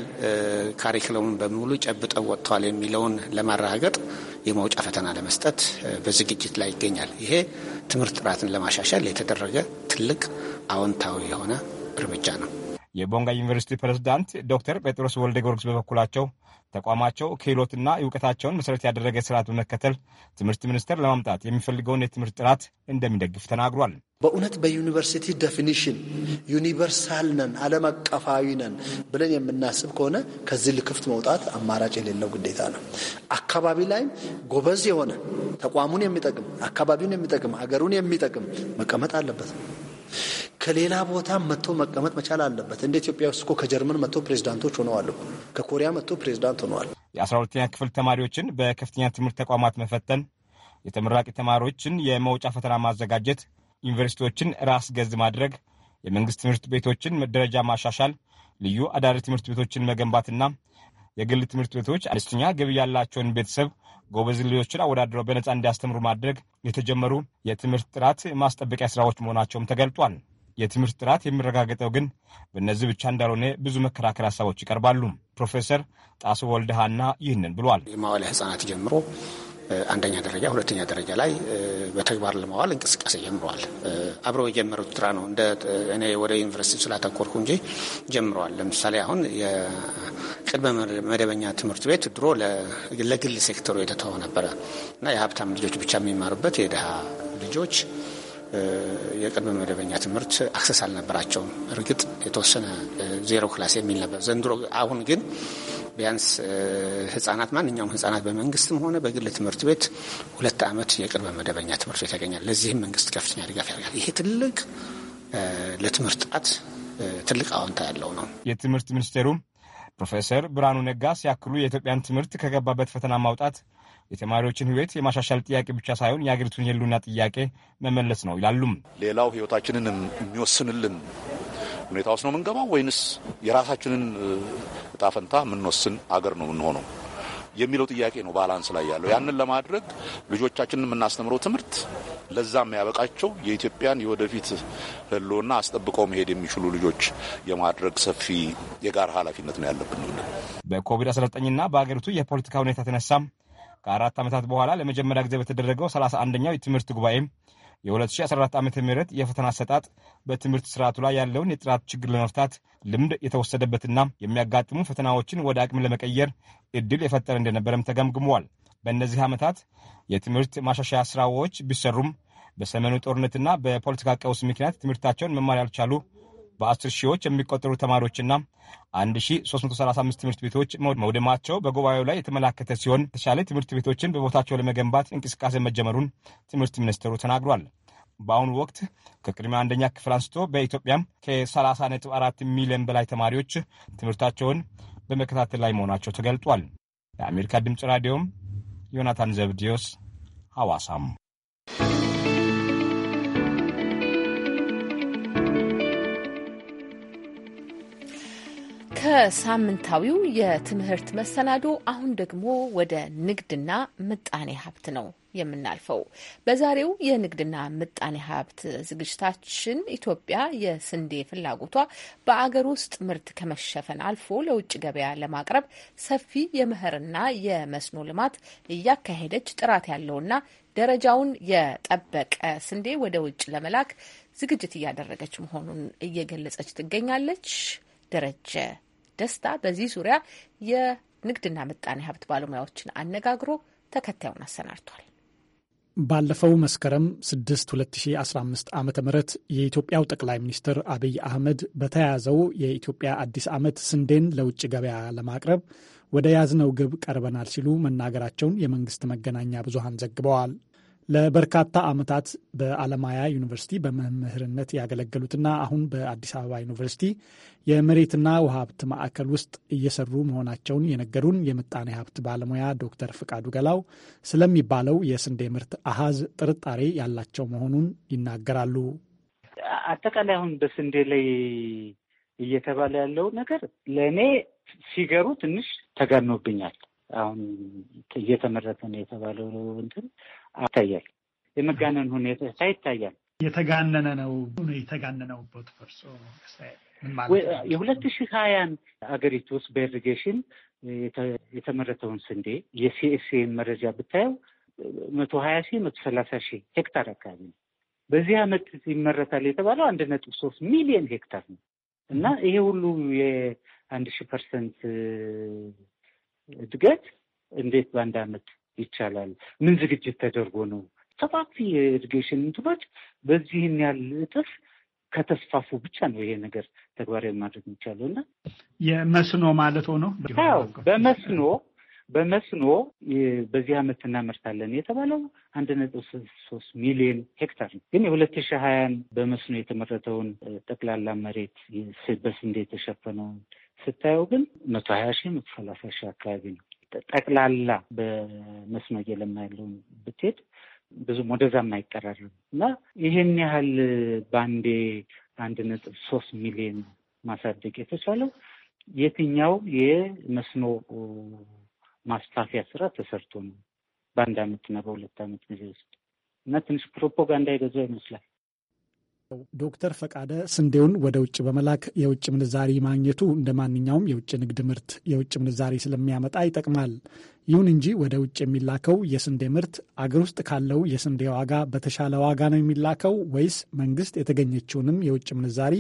ካሪክለሙን በሙሉ ጨብጠው ወጥተዋል የሚለውን ለማረጋገጥ የመውጫ ፈተና ለመስጠት በዝግጅት ላይ ይገኛል። ይሄ ትምህርት ጥራትን ለማሻሻል የተደረገ ትልቅ አዎንታዊ የሆነ እርምጃ ነው። የቦንጋ ዩኒቨርሲቲ ፕሬዝዳንት ዶክተር ጴጥሮስ ወልደ ጊዮርጊስ በበኩላቸው ተቋማቸው ክህሎትና እውቀታቸውን መሰረት ያደረገ ስርዓት በመከተል ትምህርት ሚኒስቴር ለማምጣት የሚፈልገውን የትምህርት ጥራት እንደሚደግፍ ተናግሯል። በእውነት በዩኒቨርሲቲ ዴፊኒሽን ዩኒቨርሳል ነን፣ ዓለም አቀፋዊ ነን ብለን የምናስብ ከሆነ ከዚህ ልክፍት መውጣት አማራጭ የሌለው ግዴታ ነው። አካባቢ ላይም ጎበዝ የሆነ ተቋሙን የሚጠቅም አካባቢውን የሚጠቅም ሀገሩን የሚጠቅም መቀመጥ አለበት። ከሌላ ቦታ መጥቶ መቀመጥ መቻል አለበት። እንደ ኢትዮጵያ ውስጥ እኮ ከጀርመን መጥቶ ፕሬዚዳንቶች ሆነዋል። ከኮሪያ መጥቶ ፕሬዚዳንት ሆነዋል። የአስራ ሁለተኛ ክፍል ተማሪዎችን በከፍተኛ ትምህርት ተቋማት መፈተን፣ የተመራቂ ተማሪዎችን የመውጫ ፈተና ማዘጋጀት፣ ዩኒቨርሲቲዎችን ራስ ገዝ ማድረግ፣ የመንግስት ትምህርት ቤቶችን ደረጃ ማሻሻል፣ ልዩ አዳሪ ትምህርት ቤቶችን መገንባትና የግል ትምህርት ቤቶች አነስተኛ ገቢ ያላቸውን ቤተሰብ ጎበዝ ልጆችን አወዳድረው በነፃ እንዲያስተምሩ ማድረግ የተጀመሩ የትምህርት ጥራት ማስጠበቂያ ስራዎች መሆናቸውም ተገልጧል። የትምህርት ጥራት የሚረጋገጠው ግን በእነዚህ ብቻ እንዳልሆነ ብዙ መከራከሪያ ሀሳቦች ይቀርባሉ። ፕሮፌሰር ጣሱ ወልደሃና ይህንን ብሏል። የማዋሊያ ህጻናት ጀምሮ አንደኛ ደረጃ፣ ሁለተኛ ደረጃ ላይ በተግባር ለማዋል እንቅስቃሴ ጀምረዋል። አብረው የጀመሩት ስራ ነው። እንደ እኔ ወደ ዩኒቨርሲቲ ስላተኮርኩ እንጂ ጀምረዋል። ለምሳሌ አሁን የቅድመ መደበኛ ትምህርት ቤት ድሮ ለግል ሴክተሩ የተተወ ነበረ እና የሀብታም ልጆች ብቻ የሚማሩበት የድሃ ልጆች የቅድመ መደበኛ ትምህርት አክሰስ አልነበራቸውም። እርግጥ የተወሰነ ዜሮ ክላስ የሚል ነበር ዘንድሮ። አሁን ግን ቢያንስ ህጻናት ማንኛውም ህጻናት በመንግስትም ሆነ በግል ትምህርት ቤት ሁለት ዓመት የቅድመ መደበኛ ትምህርት ቤት ያገኛል። ለዚህም መንግስት ከፍተኛ ድጋፍ ያደርጋል። ይሄ ትልቅ ለትምህርት ጣት ትልቅ አዎንታ ያለው ነው። የትምህርት ሚኒስቴሩ ፕሮፌሰር ብርሃኑ ነጋ ሲያክሉ የኢትዮጵያን ትምህርት ከገባበት ፈተና ማውጣት የተማሪዎችን ህይወት የማሻሻል ጥያቄ ብቻ ሳይሆን የአገሪቱን የህልውና ጥያቄ መመለስ ነው ይላሉም። ሌላው ህይወታችንን የሚወስንልን ሁኔታ ውስጥ ነው የምንገባው ወይንስ የራሳችንን እጣ ፈንታ የምንወስን አገር ነው የምንሆነው የሚለው ጥያቄ ነው ባላንስ ላይ ያለው። ያንን ለማድረግ ልጆቻችንን የምናስተምረው ትምህርት ለዛ የሚያበቃቸው የኢትዮጵያን የወደፊት ህልውና አስጠብቀው መሄድ የሚችሉ ልጆች የማድረግ ሰፊ የጋራ ኃላፊነት ነው ያለብን። በኮቪድ-19ና በሀገሪቱ የፖለቲካ ሁኔታ የተነሳም ከአራት ዓመታት በኋላ ለመጀመሪያ ጊዜ በተደረገው 31ኛው የትምህርት ጉባኤም የ2014 ዓ ም የፈተና አሰጣጥ በትምህርት ስርዓቱ ላይ ያለውን የጥራት ችግር ለመፍታት ልምድ የተወሰደበትና የሚያጋጥሙ ፈተናዎችን ወደ አቅም ለመቀየር እድል የፈጠረ እንደነበረም ተገምግመዋል። በእነዚህ ዓመታት የትምህርት ማሻሻያ ስራዎች ቢሰሩም በሰሜኑ ጦርነትና በፖለቲካ ቀውስ ምክንያት ትምህርታቸውን መማር ያልቻሉ በአስር ሺዎች የሚቆጠሩ ተማሪዎችና 1335 ትምህርት ቤቶች መውደማቸው በጉባኤው ላይ የተመላከተ ሲሆን የተሻለ ትምህርት ቤቶችን በቦታቸው ለመገንባት እንቅስቃሴ መጀመሩን ትምህርት ሚኒስትሩ ተናግሯል። በአሁኑ ወቅት ከቅድመ አንደኛ ክፍል አንስቶ በኢትዮጵያም ከ 34 ሚሊዮን በላይ ተማሪዎች ትምህርታቸውን በመከታተል ላይ መሆናቸው ተገልጧል። ለአሜሪካ ድምፅ ራዲዮም ዮናታን ዘብዲዮስ ሐዋሳም ከሳምንታዊው የትምህርት መሰናዶ አሁን ደግሞ ወደ ንግድና ምጣኔ ሀብት ነው የምናልፈው። በዛሬው የንግድና ምጣኔ ሀብት ዝግጅታችን ኢትዮጵያ የስንዴ ፍላጎቷ በአገር ውስጥ ምርት ከመሸፈን አልፎ ለውጭ ገበያ ለማቅረብ ሰፊ የመኸርና የመስኖ ልማት እያካሄደች ጥራት ያለውና ደረጃውን የጠበቀ ስንዴ ወደ ውጭ ለመላክ ዝግጅት እያደረገች መሆኑን እየገለጸች ትገኛለች። ደረጀ ደስታ በዚህ ዙሪያ የንግድና ምጣኔ ሀብት ባለሙያዎችን አነጋግሮ ተከታዩን አሰናድቷል። ባለፈው መስከረም 6 2015 ዓ ም የኢትዮጵያው ጠቅላይ ሚኒስትር አብይ አህመድ በተያያዘው የኢትዮጵያ አዲስ ዓመት ስንዴን ለውጭ ገበያ ለማቅረብ ወደ ያዝነው ግብ ቀርበናል ሲሉ መናገራቸውን የመንግስት መገናኛ ብዙሃን ዘግበዋል። ለበርካታ ዓመታት በአለማያ ዩኒቨርሲቲ በመምህርነት ያገለገሉትና አሁን በአዲስ አበባ ዩኒቨርሲቲ የመሬትና ውሃ ሀብት ማዕከል ውስጥ እየሰሩ መሆናቸውን የነገሩን የምጣኔ ሀብት ባለሙያ ዶክተር ፍቃዱ ገላው ስለሚባለው የስንዴ ምርት አሃዝ ጥርጣሬ ያላቸው መሆኑን ይናገራሉ። አጠቃላይ አሁን በስንዴ ላይ እየተባለ ያለው ነገር ለእኔ ሲገሩ ትንሽ ተጋኖብኛል። አሁን እየተመረተ ነው የተባለው እንትን አይታያል። የመጋነን ሁኔታ ይታያል። የተጋነነ ነው የተጋነነው ቦት ፈርሶ የሁለት ሺህ ሀያን አገሪቱ ውስጥ በኢሪጌሽን የተመረተውን ስንዴ የሲኤስኤን መረጃ ብታየው መቶ ሀያ ሺህ መቶ ሰላሳ ሺህ ሄክታር አካባቢ ነው። በዚህ አመት ይመረታል የተባለው አንድ ነጥብ ሶስት ሚሊዮን ሄክታር ነው እና ይሄ ሁሉ የአንድ ሺህ ፐርሰንት እድገት እንዴት በአንድ አመት ይቻላል? ምን ዝግጅት ተደርጎ ነው? ሰፋፊ የኢሪጌሽን እንትኖች በዚህን ያህል እጥፍ ከተስፋፉ ብቻ ነው ይሄ ነገር ተግባራዊ ማድረግ የሚቻለው እና የመስኖ ማለት ሆኖ በመስኖ በመስኖ በዚህ አመት እናመርታለን የተባለው አንድ ነጥብ ሶስት ሚሊዮን ሄክታር ነው። ግን የሁለት ሺህ ሀያን በመስኖ የተመረተውን ጠቅላላ መሬት በስንዴ የተሸፈነውን ስታየው ግን መቶ ሀያ ሺህ መቶ ሰላሳ ሺህ አካባቢ ነው። ጠቅላላ በመስኖ እየለማ ያለውን ብትሄድ ብዙም ወደዛም አይቀራርም እና ይህን ያህል በአንዴ አንድ ነጥብ ሶስት ሚሊዮን ማሳደግ የተቻለው የትኛው የመስኖ ማስፋፊያ ስራ ተሰርቶ ነው በአንድ አመትና በሁለት አመት ጊዜ ውስጥ እና ትንሽ ፕሮፓጋንዳ የገዛው ይመስላል። ዶክተር ፈቃደ ስንዴውን ወደ ውጭ በመላክ የውጭ ምንዛሪ ማግኘቱ እንደ ማንኛውም የውጭ ንግድ ምርት የውጭ ምንዛሪ ስለሚያመጣ ይጠቅማል። ይሁን እንጂ ወደ ውጭ የሚላከው የስንዴ ምርት አገር ውስጥ ካለው የስንዴ ዋጋ በተሻለ ዋጋ ነው የሚላከው ወይስ መንግስት የተገኘችውንም የውጭ ምንዛሪ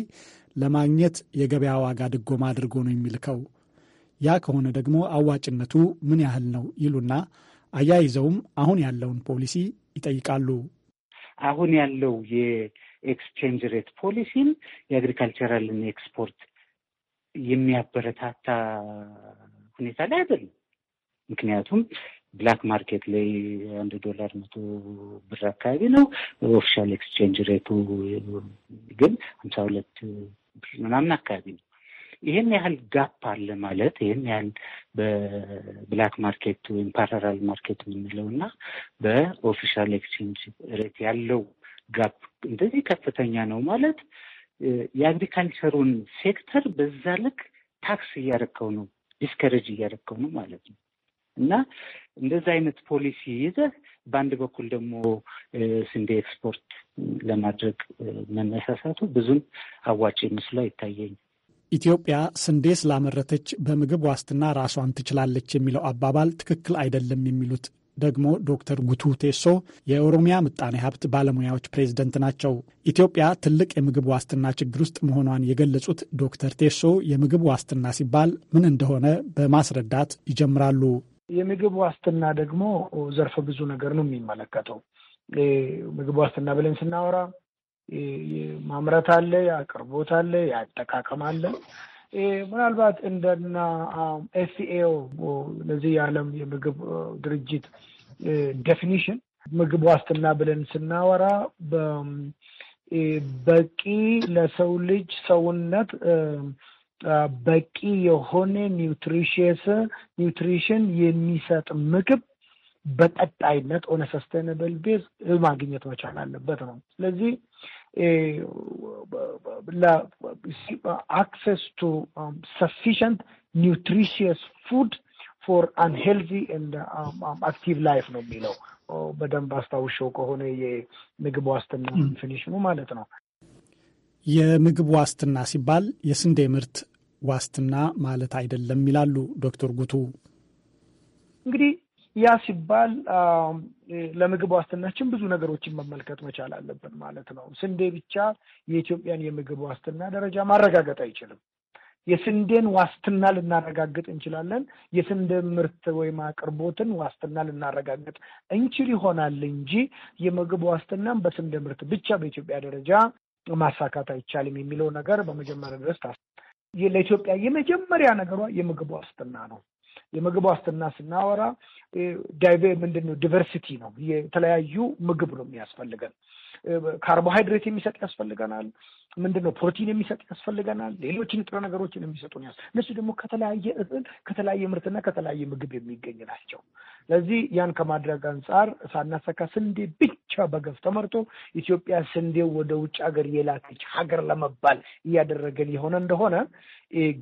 ለማግኘት የገበያ ዋጋ ድጎማ አድርጎ ነው የሚልከው? ያ ከሆነ ደግሞ አዋጭነቱ ምን ያህል ነው ይሉና አያይዘውም አሁን ያለውን ፖሊሲ ይጠይቃሉ። አሁን ያለው ኤክስቼንጅ ሬት ፖሊሲም የአግሪካልቸራልን ኤክስፖርት የሚያበረታታ ሁኔታ ላይ አይደለም። ምክንያቱም ብላክ ማርኬት ላይ አንድ ዶላር መቶ ብር አካባቢ ነው። ኦፊሻል ኤክስቼንጅ ሬቱ ግን ሀምሳ ሁለት ብር ምናምን አካባቢ ነው። ይህን ያህል ጋፕ አለ ማለት ይህን ያህል በብላክ ማርኬት ወይም ፓራራል ማርኬት የምንለው እና በኦፊሻል ኤክስቼንጅ ሬት ያለው ጋፕ እንደዚህ ከፍተኛ ነው ማለት የአግሪካልቸሩን ሴክተር በዛ ልክ ታክስ እያደረከው ነው፣ ዲስከሬጅ እያደረከው ነው ማለት ነው። እና እንደዛ አይነት ፖሊሲ ይዘህ በአንድ በኩል ደግሞ ስንዴ ኤክስፖርት ለማድረግ መነሳሳቱ ብዙም አዋጭ ምስሉ አይታየኝ። ኢትዮጵያ ስንዴ ስላመረተች በምግብ ዋስትና ራሷን ትችላለች የሚለው አባባል ትክክል አይደለም የሚሉት ደግሞ ዶክተር ጉቱ ቴሶ የኦሮሚያ ምጣኔ ሀብት ባለሙያዎች ፕሬዝደንት ናቸው። ኢትዮጵያ ትልቅ የምግብ ዋስትና ችግር ውስጥ መሆኗን የገለጹት ዶክተር ቴሶ የምግብ ዋስትና ሲባል ምን እንደሆነ በማስረዳት ይጀምራሉ። የምግብ ዋስትና ደግሞ ዘርፈ ብዙ ነገር ነው የሚመለከተው። ምግብ ዋስትና ብለን ስናወራ ማምረት አለ፣ የአቅርቦት አለ፣ የአጠቃቀም አለ ምናልባት እንደና ኤፍኤኦ ለዚህ የዓለም የምግብ ድርጅት ዴፊኒሽን ምግብ ዋስትና ብለን ስናወራ በቂ ለሰው ልጅ ሰውነት በቂ የሆነ ኒውትሪሽስ ኒውትሪሽን የሚሰጥ ምግብ በቀጣይነት ኦነ ሰስቴነብል ቤዝ ማግኘት መቻል አለበት ነው። ስለዚህ አክሰስ ቱ ሰፊሽንት sufficient ፉድ ፎር አንሄልዚ አክቲቭ ላይፍ ነው የሚለው በደንብ አስታውሻው ከሆነ የምግብ ዋስትና ፊኒሽኑ ማለት ነው። የምግብ ዋስትና ሲባል የስንዴ ምርት ዋስትና ማለት አይደለም ይላሉ ዶክተር ጉቱ። እንግዲህ ያ ሲባል ለምግብ ዋስትናችን ብዙ ነገሮችን መመልከት መቻል አለብን ማለት ነው። ስንዴ ብቻ የኢትዮጵያን የምግብ ዋስትና ደረጃ ማረጋገጥ አይችልም። የስንዴን ዋስትና ልናረጋግጥ እንችላለን። የስንዴ ምርት ወይም አቅርቦትን ዋስትና ልናረጋግጥ እንችል ይሆናል እንጂ የምግብ ዋስትናን በስንዴ ምርት ብቻ በኢትዮጵያ ደረጃ ማሳካት አይቻልም የሚለው ነገር በመጀመሪያ ድረስ ለኢትዮጵያ የመጀመሪያ ነገሯ የምግብ ዋስትና ነው። የምግብ ዋስትና ስናወራ ዳይቬ ምንድን ነው ዲቨርሲቲ ነው። የተለያዩ ምግብ ነው የሚያስፈልገን። ካርቦሃይድሬት የሚሰጥ ያስፈልገናል። ምንድነው ፕሮቲን የሚሰጥ ያስፈልገናል። ሌሎች ንጥረ ነገሮችን የሚሰጡ ያስ እነሱ ደግሞ ከተለያየ እህል ከተለያየ ምርትና ከተለያየ ምግብ የሚገኝ ናቸው። ስለዚህ ያን ከማድረግ አንጻር ሳናሰካ ስንዴ ብቻ በገፍ ተመርቶ ኢትዮጵያ ስንዴው ወደ ውጭ ሀገር የላከች ሀገር ለመባል እያደረገን የሆነ እንደሆነ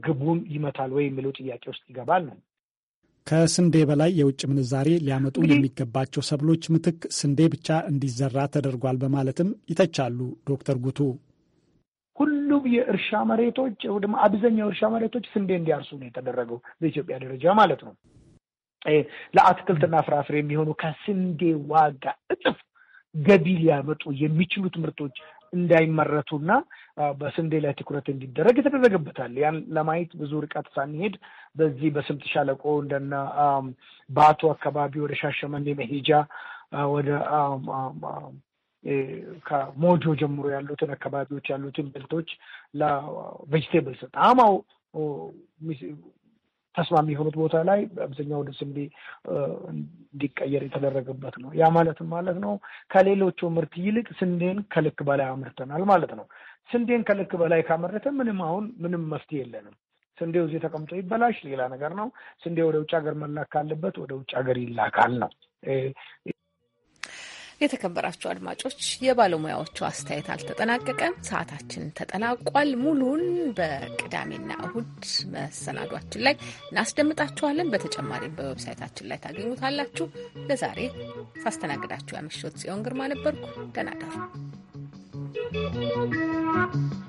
ግቡን ይመታል ወይ የሚለው ጥያቄ ውስጥ ይገባል ነው። ከስንዴ በላይ የውጭ ምንዛሬ ሊያመጡ የሚገባቸው ሰብሎች ምትክ ስንዴ ብቻ እንዲዘራ ተደርጓል በማለትም ይተቻሉ ዶክተር ጉቱ። ሁሉም የእርሻ መሬቶች ደግሞ አብዛኛው እርሻ መሬቶች ስንዴ እንዲያርሱ ነው የተደረገው በኢትዮጵያ ደረጃ ማለት ነው። ለአትክልትና ፍራፍሬ የሚሆኑ ከስንዴ ዋጋ እጥፍ ገቢ ሊያመጡ የሚችሉት ምርቶች እንዳይመረቱና በስንዴ ላይ ትኩረት እንዲደረግ የተደረገበታል። ያን ለማየት ብዙ ርቀት ሳንሄድ በዚህ በስምጥ ሻለቆ እንደና በአቶ አካባቢ ወደ ሻሸመኔ መሄጃ ወደ ከሞጆ ጀምሮ ያሉትን አካባቢዎች ያሉትን ብልቶች ለቬጅቴብልስ ጣማው ተስማሚ የሆኑት ቦታ ላይ በአብዛኛው ወደ ስንዴ እንዲቀየር የተደረገበት ነው። ያ ማለትም ማለት ነው ከሌሎቹ ምርት ይልቅ ስንዴን ከልክ በላይ አምርተናል ማለት ነው። ስንዴን ከልክ በላይ ካመረተ ምንም አሁን ምንም መፍትሄ የለንም። ስንዴው እዚህ ተቀምጦ ይበላሽ ሌላ ነገር ነው። ስንዴ ወደ ውጭ ሀገር መላክ ካለበት ወደ ውጭ ሀገር ይላካል ነው የተከበራችሁ አድማጮች የባለሙያዎቹ አስተያየት አልተጠናቀቀም፣ ሰዓታችን ተጠናቋል። ሙሉን በቅዳሜና እሁድ መሰናዷችን ላይ እናስደምጣችኋለን። በተጨማሪም በዌብሳይታችን ላይ ታገኙታላችሁ። ለዛሬ ሳስተናግዳችሁ ያመሾት ጽዮን ግርማ ነበርኩ። ደህና እደሩ።